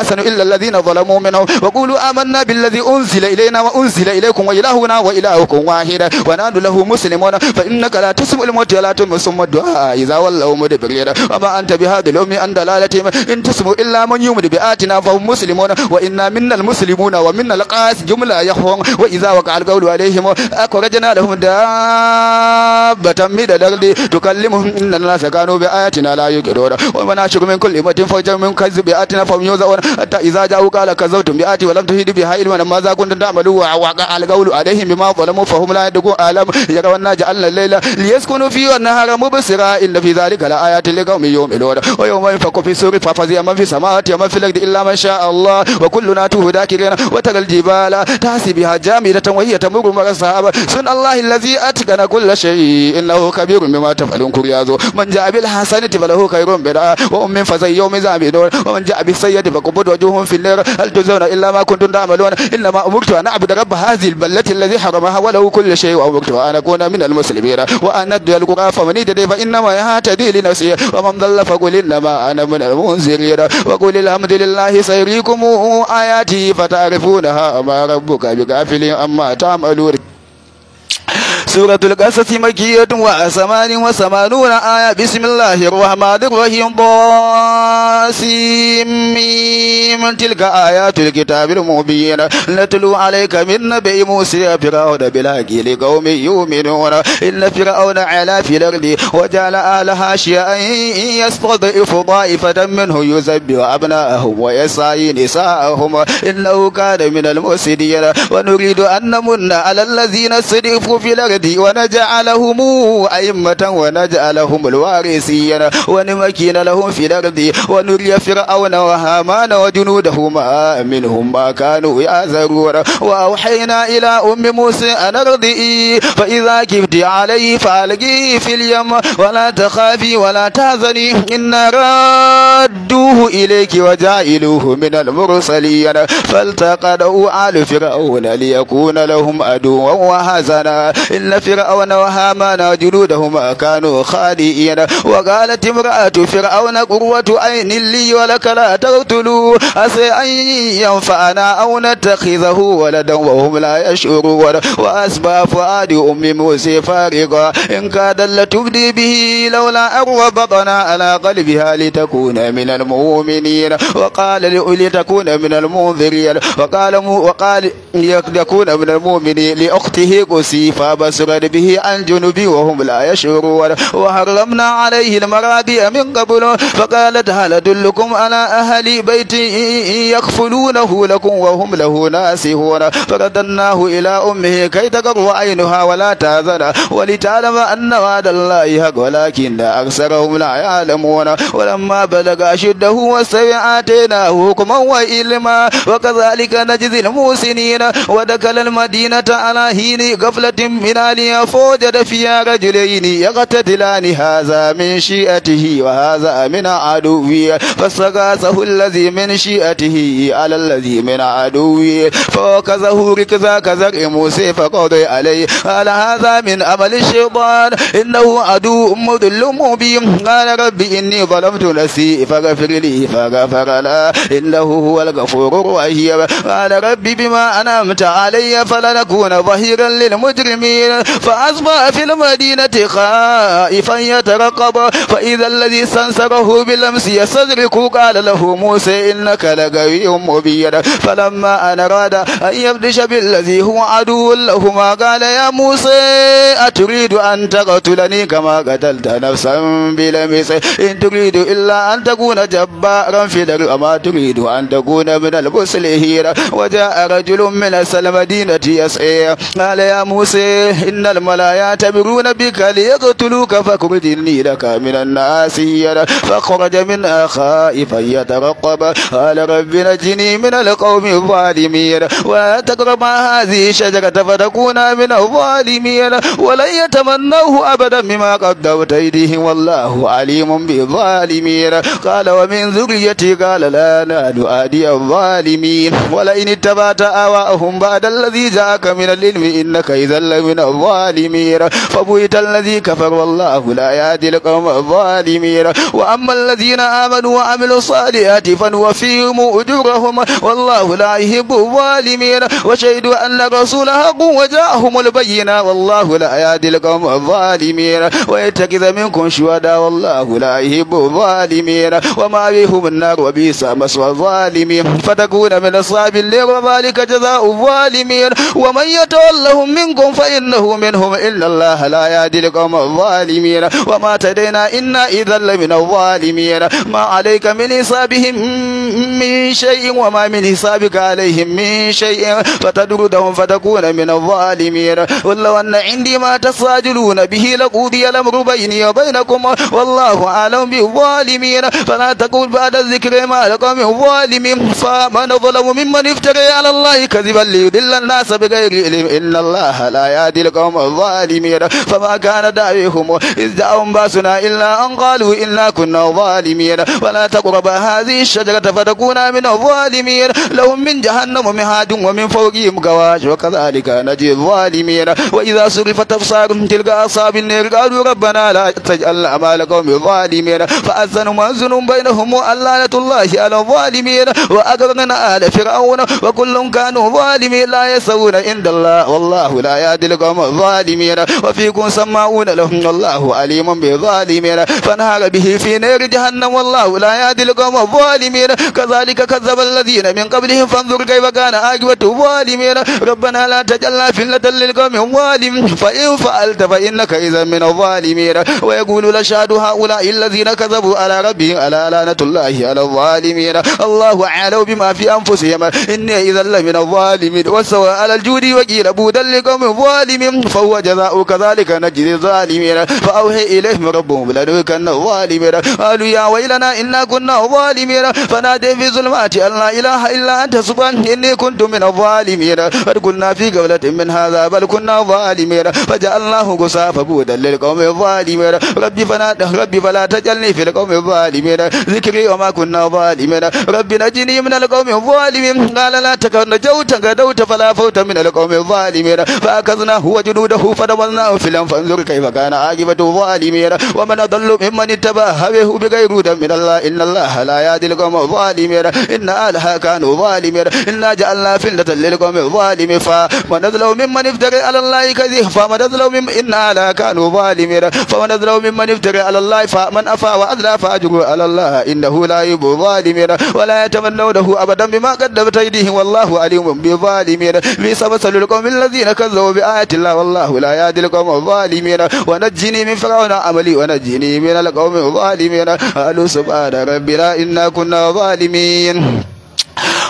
يأسن إلا الذين ظلموا منهم وقولوا آمنا بالذي أنزل إلينا وأنزل إليكم وإلهنا وإلهكم واحد ونحن له مسلمون فإنك لا تسمع الموت ولا تسمع الدعاء إذا ولوا مدبرين وما أنت بهذا الأم أن دلالتهم إن تسمع إلا من يؤمن بآتنا فهم مسلمون وإنا منا المسلمون ومنا القاس جملة يخون وإذا وقع القول عليهم أخرجنا لهم دابة من الأرض تكلمهم إن الناس كانوا بآتنا لا يقدرون ومناشر من كل مدين فوجا من كذب آتنا فهم يوزعون hatta idza ja'u qala kazawtum bi ati wa lam tuhidu biha man ma za kuntum ta'malu wa waqa al-qawlu alaihim bima zalamu fa hum la yadqu alam yarawna ja'alna al-layla liyaskunu fi wa nahara mubsira illa fi dhalika la ayatin liqaumin yu'minun wa yawma yanfaqu fi suri fa fazi man fi samawati wa man fil ardi illa ma sha Allah wa kulluna tuhu dakirina wa tagal jibala tahsibiha jamidatan wa hiya tamurru sahaba sun Allah allazi atqana kull shay innahu kabirun bima taf'alun kuriyazo man ja'a bil hasanati falahu khairun da wa ummin fa zayyumi mizabidun wa man ja'a bis sayyati faqub تعبد وجوههم في النار هل تجزون إلا ما كنتم تعملون إنما أمرت أن أعبد رب هذه البلدة الذي حرمها وله كل شيء وأمرت أن أكون من المسلمين وأن أدعي القرآن فمن يدري فإنما يهتدي لنفسه ومن ضل فقل إنما أنا من المنذرين وقل الحمد لله سيريكم آياتي فتعرفونها ما ربك بغافل أما تعملون سورة القصص مكية وثمان وثمانون آية بسم الله الرحمن الرحيم ضاسم تلك آيات الكتاب المبين نتلو عليك من نبي موسى فرعون بالحق لقوم يؤمنون إن فرعون علا في الأرض وجعل أهلها شيئا يستضعف ضائفة منه يذبح أبناءهم ويسعي نساءهم إنه كان من المفسدين ونريد أن نمن على الذين استضعفوا في الأرض الأرض ونجعلهم أئمة ونجعلهم الوارثين ونمكن لهم في الأرض ونري فرعون وهامان وجنودهما منهم ما كانوا يأذرون وأوحينا إلى أم موسى أن أرضئي فإذا كبت عليه فألقيه في اليم ولا تخافي ولا تحزني إن ردوه إليك وجعلوه من المرسلين فالتقده آل فرعون ليكون لهم أدوا وهزنا إن فرعون وهامان وجنودهما كانوا خالئين وقالت امرأة فرعون قروة عين لي ولك لا تغتلوا أسي أن ينفعنا أو نتخذه ولدا وهم لا يشعرون وأسبى فؤاد أم موسى فارغا إن كاد لتبدي به لولا أربطنا على قلبها لتكون من المؤمنين وقال لتكون من المنذرين وقال وقال ليكون من المؤمنين لأخته قسي فبس وأسرر به عن جنبي وهم لا يشعرون وحرمنا عليه المرابي من قبل فقالت هل أدلكم على أهل بيت يكفلونه لكم وهم له ناسهون فردناه إلى أمه كي تقر عينها ولا تأذن ولتعلم أن وعد الله حق ولكن أكثرهم لا يعلمون ولما بلغ أشده واستوى آتيناه حكما وإلما وكذلك نجزي الموسنين ودخل المدينة على حين غفلة من جعلنا ليفوجد فيها رجلين يقتتلان هذا من شيئته وهذا من عدوه فاستغاثه الذي من شيئته على الذي من عدوه فوكزه ركزا كزرع موسى فقضي عليه قال هذا من عمل الشيطان إنه عدو مضل مبين قال ربي إني ظلمت نفسي فغفر لي فغفر له إنه هو الغفور الرحيم قال ربي بما أنعمت علي فلنكون ظهيرا للمجرمين الليل فأصبح في المدينة خائفا يترقب فإذا الذي استنصره بالأمس يستدركه قال له موسى إنك لقوي مبين فلما أن أراد أن يبدش بالذي هو عدو لهما قال يا موسى أتريد أن تقتلني كما قتلت نفسا بلمس إن تريد إلا أن تكون جبارا في الأرض وما تريد أن تكون من المسلمين وجاء رجل من السلمدينة يسعي قال يا موسى إن الملايا تبرون بك ليقتلوك فاخرجني لك من الناس فخرج من خائفا يترقب قال رب نجني من القوم الظالمين ولا تقرب هذه الشجرة فتكون من الظالمين ولن يتمنوه أبدا بما قدمت أيديهم والله عليم بالظالمين قال ومن ذريتي قال لا نال أدي الظالمين ولئن اتبعت أواءهم بعد الذي جاءك من العلم إنك إذا لمن الظالمين فبويت الذي كفر والله لا يهدي القوم الظالمين وأما الذين آمنوا وعملوا الصالحات فنوفيهم أجورهم والله لا يحب الظالمين وشهدوا أن الرسول حق وجاءهم البينة والله لا يهدي القوم الظالمين ويتخذ منكم شهداء والله لا يحب الظالمين وما بهم النار وبئس مسوى الظالمين فتكون من أصحاب الليل وذلك جزاء الظالمين ومن يتولهم منكم فإنه ينتهوا منهم إلا الله لا يهدي القوم الظالمين وما تدينا إنا إذا لمن الظالمين ما عليك من حسابهم من شيء وما من حسابك عليهم من شيء فتدردهم فتكون من الظالمين ولو أن عندي ما تستعجلون به لقضي الأمر بيني وبينكم والله أعلم بالظالمين فلا تقول بعد الذكر ما لقوم الظالمين فمن ظلم ممن افترى على الله كذبا ليضل الناس بغير علم إن الله لا يهدي قوم ظالمين فما كان دعوهم إذ دعهم باسنا إلا أن قالوا إنا كنا ظالمين ولا تقرب هذه الشجرة فتكونا من الظالمين لهم من جهنم مهاد ومن فوقهم قواش وكذلك نجي الظالمين وإذا صرفت أبصارهم تلقى أصحاب النير قالوا ربنا لا تجعل أعمال قوم الظالمين فأذن مؤذن بينهم اللعنة الله على الظالمين وأقرنا آل فرعون وكل كانوا ظالمين لا يسوون عند الله والله لا يهدي القوم لهم ظالمين وفيكم سماعون لهم الله عليم بظالمين فنهار به في نار جهنم والله لا يهدي القوم الظالمين كذلك كذب الذين من قبلهم فانظر كيف كان عاقبة الظالمين ربنا لا تجعلنا فتنة للقوم الظالمين فإن فعلت فإنك إذا من الظالمين ويقول لشهد هؤلاء الذين كذبوا على ربهم على لعنة الله على الظالمين الله أعلم بما في أنفسهم إني إذا لمن الظالمين وسواء على الجود وقيل بودا لقوم الظالمين ظالم فهو جزاء كذلك نجزي الظالمين فأوحي إليهم ربهم لنهلكن الظالمين قالوا يا ويلنا إنا كنا ظالمين فنادي في ظلمات أن لا إله إلا أنت سبحانه إني كنت من الظالمين قد كنا في قولة من هذا بل كنا ظالمين الله قصافا فبودا للقوم الظالمين ربي فلا ربي فلا تجلني في القوم الظالمين ذكري وما كنا ظالمين ربي نجني من القوم الظالمين قال لا تكن جوتا غدوت فلا فوت من القوم الظالمين فأكذناه وجنوده فدمرناهم في الأرض فانظر كيف كان عاقبة الظالمين ومن أضل ممن اتبع هواه بغير هدى من الله إن الله لا يهدي القوم الظالمين إن أهلها كانوا ظالمين إنا جعلنا فتنة للقوم الظالمين فمن أظلم ممن افترى على الله كذب فمن أظلم ممن إن أهلها كانوا ظالمين فمن أظلم ممن افترى على الله فمن أفا وأدلى فأجره على الله إنه لا يحب الظالمين ولا يتمنونه أبدا بما قدمت أيديهم والله عليم بالظالمين في مثل القوم الذين كذبوا بآيات الله والله لا يهدي القوم الظالمين ونجني من فرعون عملي ونجني من القوم الظالمين قالوا سبحان ربنا إنا كنا ظالمين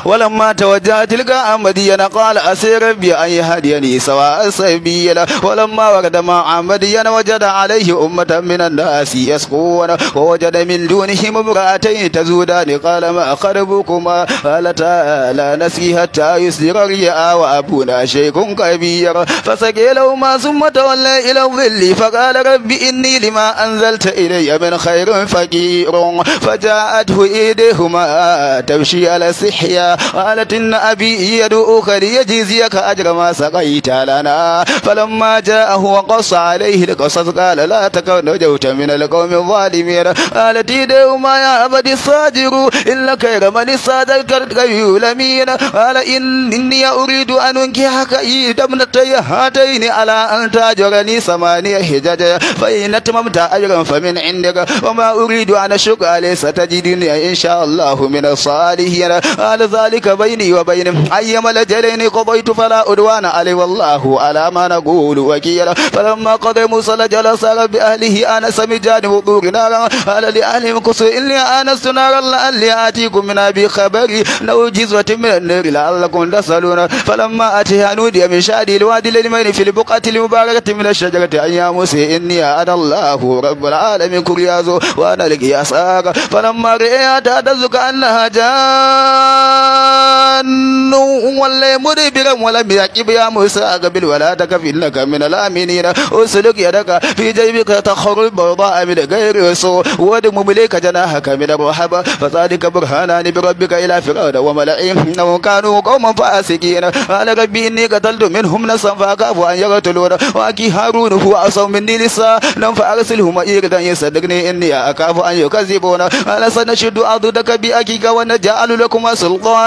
ولما توجه تلقى مدينة قال أسير ربي أي يهديني سواء سبيلا ولما ورد مع مدينة وجد عليه أمة من الناس يسقون ووجد من دونهم امرأتين تزودان قال ما خربكما قالتا لا نسي حتى يسدر رياء وأبونا شيخ كبير فسقي لهما ثم تولى إلى الظل فقال ربي إني لما أنزلت إلي من خير فقير فجاءته إيديهما تمشي على سحيا قالت إن أبي يدعوك ليجزيك أجر ما سقيت لنا فلما جاءه وقص عليه القصص قال لا تكن نجوت من القوم الظالمين قالت ما يا أبد الصادر إلا كير من صادق القوي الأمين قال إني أريد أن أنكحك إذا ابنتي هاتين على أن تأجرني ثمانية حجاج فإن أتممت أجرا فمن عندك وما أريد أن أشك ليس تجدني إن شاء الله من الصالحين قال ذلك بيني وبينهم أيما الأجلين قضيت فلا أدوان علي والله على ما نقول وكيلا فلما قضى موسى الأجل بأهله أنا من جانب طور نارا قال لأهلهم قصوا إني آنست نارا لألي آتيكم من أبي خبري أو جزوة من النار لعلكم تسألون فلما أتيها نودي من شادي الوادي للمين في البقعة المباركة من الشجرة أن يا موسى إني أنا الله رب العالمين كريازو وأنا لك يا فلما رئيها تهتز كأنها جاء ظن والذي بهم ولم يعجب يا موسى أقبل ولا تكف إنك من الآمنين أسلك يدك في جيبك تخرج بيضاء من غير سوء وادم إليك جناحك من الرحب فذلك برهانان بربك إلى فرعون وملئهم إنهم كانوا قوما فاسقين قال ربي إني قتلت منهم نفسا فأخاف أن يقتلون وأخي هارون هو أعصم مني لسانا فأرسله معي غدا يصدقني إني أخاف أن يكذبون قال سنشد عضدك بأخيك ونجعل لكما سلطانا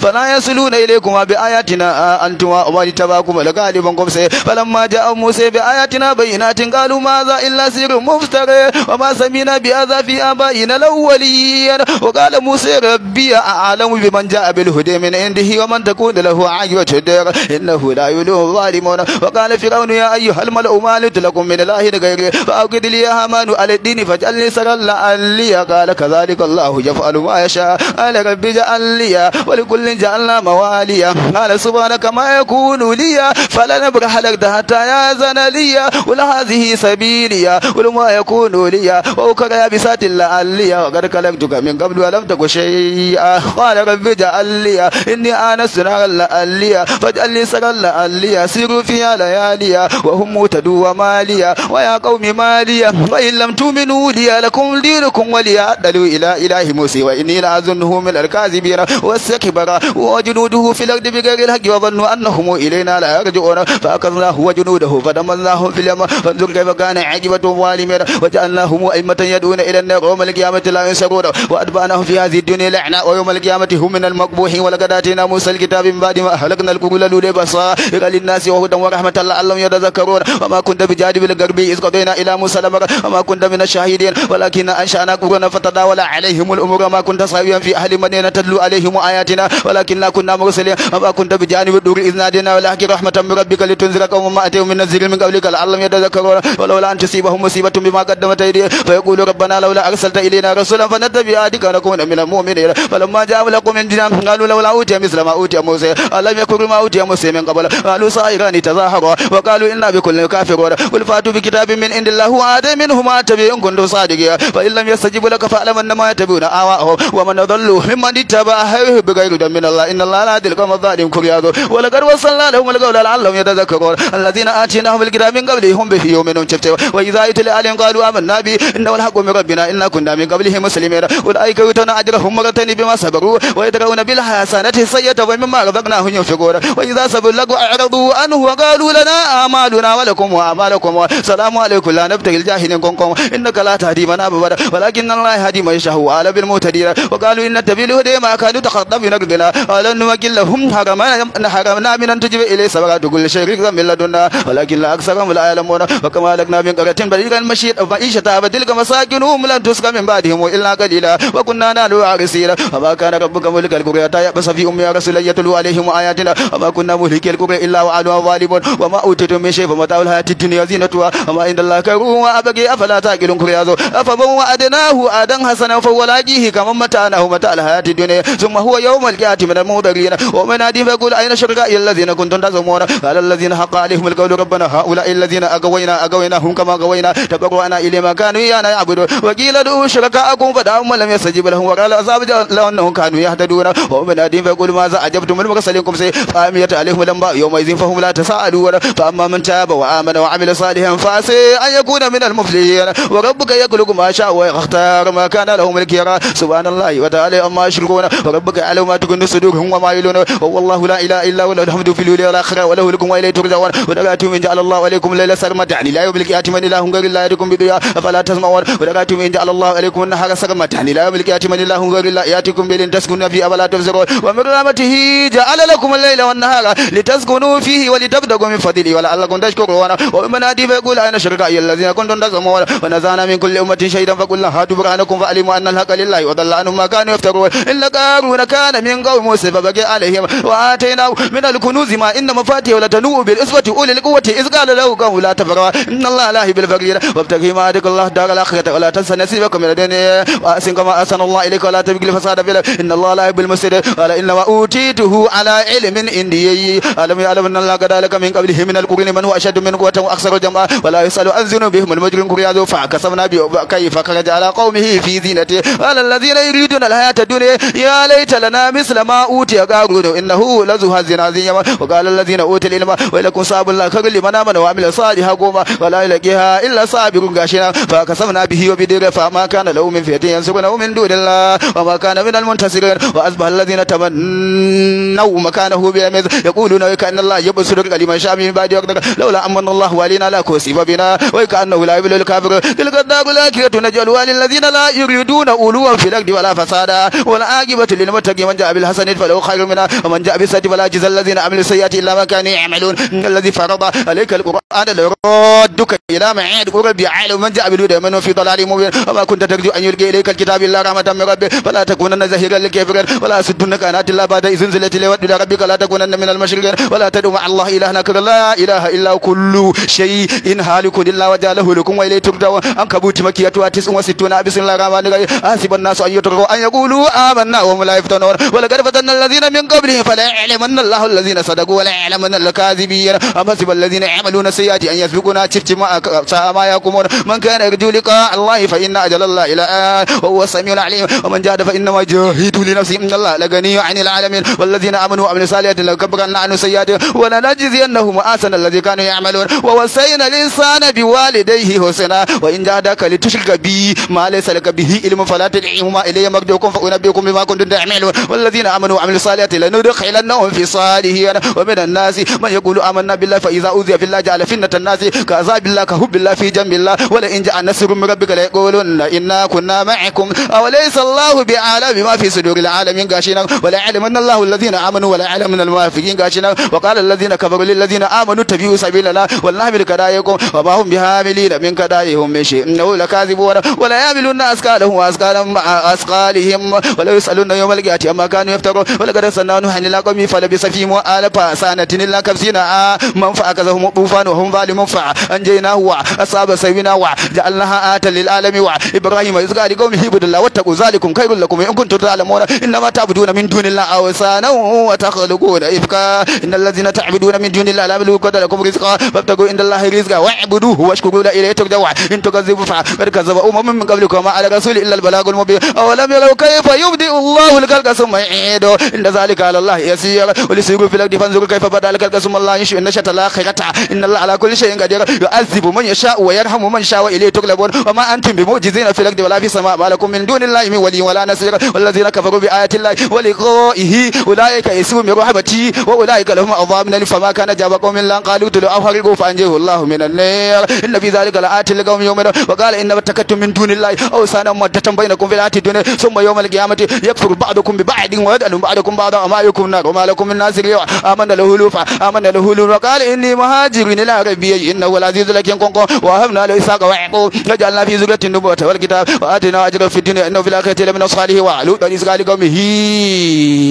فلا يصلون إليكم بآياتنا أنتم ومن تبعكم لغالبكم فلما جاء موسى بآياتنا بينات قالوا ماذا إلا سر مفترى وما سمينا بهذا في آبائنا الأولين وقال موسى ربي أعلم بمن جاء بالهدى من عنده ومن تكون له عاقبة الدار إنه لا يلوم الظالمون وقال فرعون يا أيها الملأ ما لد لكم من الله غيري فأوقد لي يا هامان على الدين فاجعلني سرا لعلي قال كذلك الله يفعل ما يشاء قال ربي اجعل لي ولكل جعلنا مواليا قال سبحانك ما يكون لي فلا نبرح لك حتى يأذن لي ولهذه سبيلي ولما يكون لي وأكر يابسات لعلي وقد كلمتك من قبل ولم تك شيئا قال رب اجعل لي إني آنست نارا لعلي فاجعل لي سرا لعلي سيروا فيها ليالي وهم متدوا وماليا ويا قوم ماليا وإن لم تؤمنوا لي لكم دينكم ولي أدلوا إلى إله موسى وإني لأظنه من الكاذبين واستكبر وجنوده في الأرض بغير الحق وظنوا أنهم إلينا لا يرجعون فأخذناه وجنوده فدمرناهم في اليم فانظر كيف كان عجبه الظالمين وجعلناهم أئمة يدعون إلى النار يوم القيامة لا ينصرون وأتبعناهم في هذه الدنيا لعنة ويوم القيامة هم من المقبوحين ولقد آتينا موسى الكتاب من بعد ما أهلكنا القرون لولي بصائر للناس وهدى ورحمة لعلهم يتذكرون وما كنت بجانب الغرب إذ قضينا إلى موسى الأمر وما كنت من الشاهدين ولكن أنشأنا قرونا فتداول عليهم الأمور ما كنت صاويا في أهل مدينة تدلو عليهم آياتنا ولكن لا كنا مرسلين وما كنت بجانب الدور إذ نادينا ولكن رحمة من ربك لتنذر قوم ما أتيهم من نذير من قبلك لعلهم يتذكرون ولولا أن تصيبهم مصيبة بما قدمت أيديهم فيقول ربنا لولا أرسلت إلينا رسولا فنتبع آياتك ونكون من المؤمنين فلما جاءوا لكم من جنان قالوا لولا أوتي مثل ما أوتي موسى ألم يكن ما أوتي موسى من قبل قالوا صائران تظاهروا وقالوا إنا بكل كافرون قل فاتوا بكتاب من عند الله وآتي منه ما تبي إن كنتم صادقين فإن لم يستجبوا لك فاعلم أنما يتبعون آواءهم ومن ضلوا ممن اتبع عليه بغير دم من الله إن الله لا يدل قوم الظالمين كريادو ولقد وصلنا لهم القول لعلهم يتذكرون الذين آتيناهم الكتاب من قبله هم به يؤمنون شفتوا وإذا يتلى عليهم قالوا آمنا به إنه الحق من ربنا إنا كنا من قبله مسلمين أولئك يؤتون أجرهم مرتين بما صبروا ويدرون بالحسنات السيئة ومما رزقناهم ينفقون وإذا صبروا لقوا أعرضوا عنه وقالوا لنا أعمالنا ولكم وأعمالكم سلام عليكم لا نبتغي الجاهلين كنكم إنك لا تهدي من أبدا ولكن الله يهدي من يشاء وعلى بالمهتدين وقالوا إن التبيل هدي ما كانوا تخلق المغضب نقدنا ولن نمكن لهم حرمنا حرمنا من أن تجب إليه سبرات كل شريك من لدنا ولكن لا أكثرهم لا يعلمون وكما لكنا من قرية بلغا المشيد فإيشة فتلك مساكنهم لن تسكى من بعدهم إلا قليلا وكنا نحن الوارثين وما كان ربك ملك القرى يأبس في أمي رسولا يتلو عليهم آياتنا وما كنا مهلك القرى إلا وأهلها ظالمون وما أوتيتم من شيء فمتاع الحياة الدنيا زينتها وما عند الله خير وأبقي أفلا تعقلون قرى أفمن وعدناه أدا حسنا فهو لاقيه كمن متعناه متاع الحياة الدنيا ثم هو هو يوم القيامة من المهدرين ومن هادي فيقول أين شركائي الذين كنتم تزعمون قال الذين حق عليهم القول ربنا هؤلاء الذين أغوينا أغويناهم كما أغوينا تبرأنا إلى ما كانوا يانا يعبدون وقيل ادعوا شركاءكم فدعهم لم يستجب لهم وقال أصحاب لأنهم كانوا يهتدون ومن هادي فيقول ماذا أجبتم المرسلين سي فأميت عليهم الأنباء يومئذ فهم لا تساءلون فأما من تاب وآمن وعمل صالحا فاسي أن يكون من المفلحين وربك يخلق ما شاء ويختار ما كان لهم الكيرا سبحان الله وتعالى أما يشركون وربك يعلم ما صدوق هم ما يلون والله لا اله الا هو الحمد في الاولى والاخره وله لكم واليه ترجعون ولقد من جعل الله عليكم ليلا سرمدا يعني لا يملك من الله غير الله ياتكم بضياء فلا تسمعون ولقد من جعل الله عليكم النهار سرمدا يعني لا يملك من الله غير الله ياتكم بليل تسكنون فيه افلا تبصرون ومن رحمته جعل لكم الليل والنهار لتسكنوا فيه ولتبتغوا من فضله ولعلكم تشكرون ومن اتي فيقول اين شركائي الذين كنتم تزعمون ونزعنا من كل امه شهيدا فقلنا هاتوا برهانكم فعلموا ان الحق لله وضل عنهم ما كانوا يفترون الا قارون كان من قوم موسى فبقي عليهم وآتيناه من الكنوز ما إن مفاتيح لتنوء بالإسوة أولي القوة إذ قال له قوم لا تفروا إن الله لا يحب الفقير وابتغي ما آتاك الله دار الآخرة ولا تنسى نصيبك من الدنيا وأحسن كما أحسن الله إليك ولا تبقي الفساد في إن الله لا يحب المفسدين قال إنما أوتيته على علم عندي ألم يعلم أن الله قد لك من قبله من القرون من هو أشد من قوة وأكثر جمعا ولا يسأل عن ذنوبهم المجرم كريادو فكسبنا كيف خرج على قومه في زينته قال الذين يريدون الحياة الدنيا يا ليت لنا مثل ما أوتي قارون إنه لذو حظ عظيم وقال الذين أوتي العلم ويلكم صاحب الله خير لمن آمن وعمل صالحا قوما ولا يلقيها إلا صابر غاشنا فكسفنا به وبدره فما كان له من فئة ينصرونه من دون الله وما كان من المنتصرين وأصبح الذين تمنوا مكانه بأمز يقولون كأن الله يبصر لمن شاء من بعد يقدر لولا أمن الله ولينا لا لكسب بنا وكأنه لا يبلو الكافر تلك الدار الآخرة نجعلها للذين لا يريدون أولوا في الأرض ولا فسادا ولا والعاقبة للمتقين يبتغي من جاء بالحسن فله خير منها ومن جاء بالسيئة فلا جزاء الذين عملوا السيئات إلا ما كانوا يعملون الذي فرض عليك القرآن ليردك إلى معاد قرب عالم من جاء بالهدى من في ضلال مبين وما كنت ترجو أن يلقي إليك الكتاب إلا رحمة من ربك فلا تكونن زهيرا للكافرين ولا سدنك أنات آيات الله بعد إذ انزلت إلى ربك لا تكونن من المشركين ولا تدع مع الله إلها نكر لا إله إلا كل شيء إن هالك إلا وجعله لكم وإليه ترجعون أم كبوت مكية وستون بسم الله الرحمن الرحيم أحسب الناس أن يتركوا أن يقولوا آمنا وهم لا يفتحون تنور ولقد فتن الذين من قبلهم فلا يعلمن الله الذين صدقوا ولا يعلمن الكاذبين أم حسب الذين يعملون السيئات أن يسبقونا شفت ما ساء ما يقومون من كان يرجو لقاء الله فإن أجل الله إلى آن وهو السميع العليم ومن جاهد فإنما جاهد لنفسه إن الله لغني عن العالمين والذين آمنوا وعملوا الصالحات لكبرنا عن سيئاتهم ولنجزينهم أحسن الذي كانوا يعملون ووصينا الإنسان بوالديه حسنا وإن جاهدك لتشرك بي ما ليس لك به علم فلا تدعهما إلي مرجوكم فأنبئكم بما كنتم تعملون يعملون والذين آمنوا وعملوا الصالحات لندخلنهم في صالحين ومن الناس من يقول آمنا بالله فإذا أوذي في الله جعل فتنة الناس كعذاب الله كحب الله في جنب الله ولئن جاء نصر من ربك ليقولن إنا كنا معكم أوليس الله بعالم بما في صدور العالمين قاشنا ولا يعلمن الله الذين آمنوا ولا يعلمن الموافقين قاشنا وقال الذين كفروا للذين آمنوا اتبعوا سبيل الله والله من كدايكم وما هم بهاملين من كدايهم من شيء إنه لكاذبون ولا يعملون أثقالهم وأثقالهم مع أثقالهم ولا يسألون يوم القيامة ياتي أما كانوا يفترون ولقد أرسلنا نوحا إلى قومه فلبث فيهم آلف سنة إلا خمسين آه، من فأخذهم الطوفان وهم ظالمون فأنجيناه وأصحاب السفينة وجعلناها آتا للعالم وإبراهيم إذ قال لقومه اعبدوا الله واتقوا ذلكم خير لكم إن كنتم تعلمون إنما تعبدون من دون الله أوثانا وتخلقون إفكا إن الذين تعبدون من دون الله لا يملكون لكم رزقا فابتغوا عند الله رزقا واعبدوه واشكروا له إليه ترجعون إن تكذبوا فقد كذب أمم من قبلكم على رسول إلا البلاغ المبين أولم يروا كيف يبدئ الله الخلق الخلق ثم يعيده إن ذلك على الله يسير ولسيقوا في الأرض فانظروا كيف بدأ الخلق ثم الله ينشئ النشأة الآخرة إن الله على كل شيء قدير يعذب من يشاء ويرحم من شاء وإليه تقلبون وما أنتم بمعجزين في الأرض ولا في السماء ما لكم من دون الله من ولي ولا نصير والذين كفروا بآيات الله ولقائه أولئك يسوء من رحمتي وأولئك لهم عذاب من فما كان جاب قوم الله قالوا دلوا أو حرقوا فأنجيه الله من النار إن في ذلك لآت لقوم يؤمنون وقال إنما اتخذتم من دون الله أوثانا مودة بينكم في الحياة الدنيا ثم يوم القيامة يكفر بعضكم بعضكم ببعض ويدعو بعضكم بعضا وما يكون نار وما لكم من ناصر اليوم آمن له لوفا آمن له لول وقال إني مهاجر إلى ربي إنه العزيز لكن كنكم وهبنا له إسحاق ويعقوب وجعلنا في ذرية النبوة والكتاب وآتنا أجر في الدنيا إنه في الآخرة لمن الصالحين وعلوت إذ قال لقومه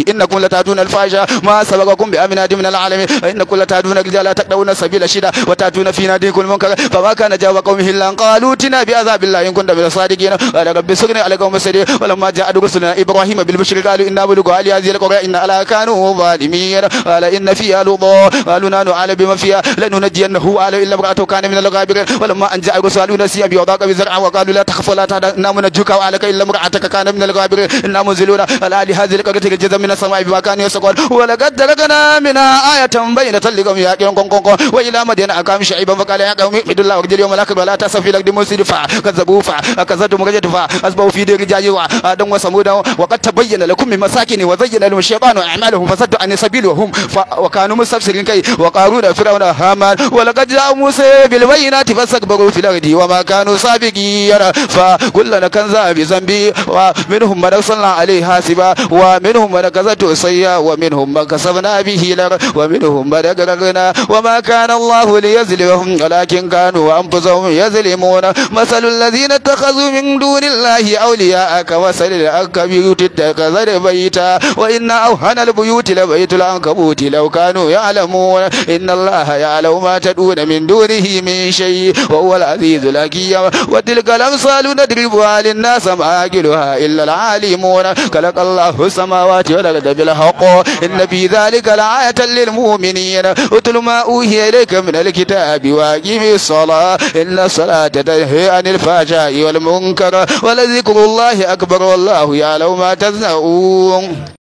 إنكم لتأتون الفاحشة ما سبقكم بأمن من من العالمين وإنكم لتأتون الرجال تقدون السبيل الشدة وتأتون في ناديكم المنكر فما كان جواب قومه إلا أن قالوا ائتنا بعذاب الله إن كنت من الصادقين قال رب سكن على قوم السرير ولما جاء رسلنا إبراهيم بالبشر قالوا إن أبو لقوا أهل هذه القرى إن ألا كانوا ظالمين قال إن فيها لضاء قالوا نحن على بما فيها لننجينه قال إلا امرأته كان من الغابرين ولما أن جاء رسول نسيا أبي بزرع وقالوا لا تخف ولا تهدى إنا منجوك وعليك إلا امرأتك كان من الغابرين إنا منزلون على أهل هذه القرى رجزا من السماء بما كانوا يسقون ولقد تركنا منها آية بينة لقوم يعقلون وإلى مدينة أقام شعيبا فقال يا قوم اعبدوا الله وارجلوا يوم الآخر ولا تأسفوا في الأرض مفسد فكذبوه فكذبتم رجعت فأصبحوا في دير جاهل وآدم وثمود وقد تبين لكم لكم من مساكن وزين لهم الشيطان اعمالهم فصدوا عن سبيل وهم وكانوا مستبصرين كي وقارون فرعون هامان ولقد جاء موسى بالبينات فاستكبروا في الارض وما كانوا سابقين فكلنا كنزا بذنبي ومنهم من ارسلنا عليه حاسبا ومنهم من كسبته سيئا ومنهم من كسبنا به لر ومنهم من اغرقنا وما كان الله ليظلمهم ولكن كانوا انفسهم يظلمون مثل الذين اتخذوا من دون الله اولياء كمثل الكبير تتخذ البيت وإن أوهن البيوت لبيت العنكبوت لو كانوا يعلمون إن الله يعلم ما تدون من دونه من شيء وهو العزيز الحكيم وتلك الأمثال ندربها للناس ما يعقلها إلا العالمون خلق الله السماوات والأرض بالحق إن في ذلك لآية للمؤمنين اتل ما أوحي إليك من الكتاب وأقم الصلاة إن الصلاة تنهي عن الفحشاء والمنكر ولذكر الله أكبر والله يعلم ما تصنعون um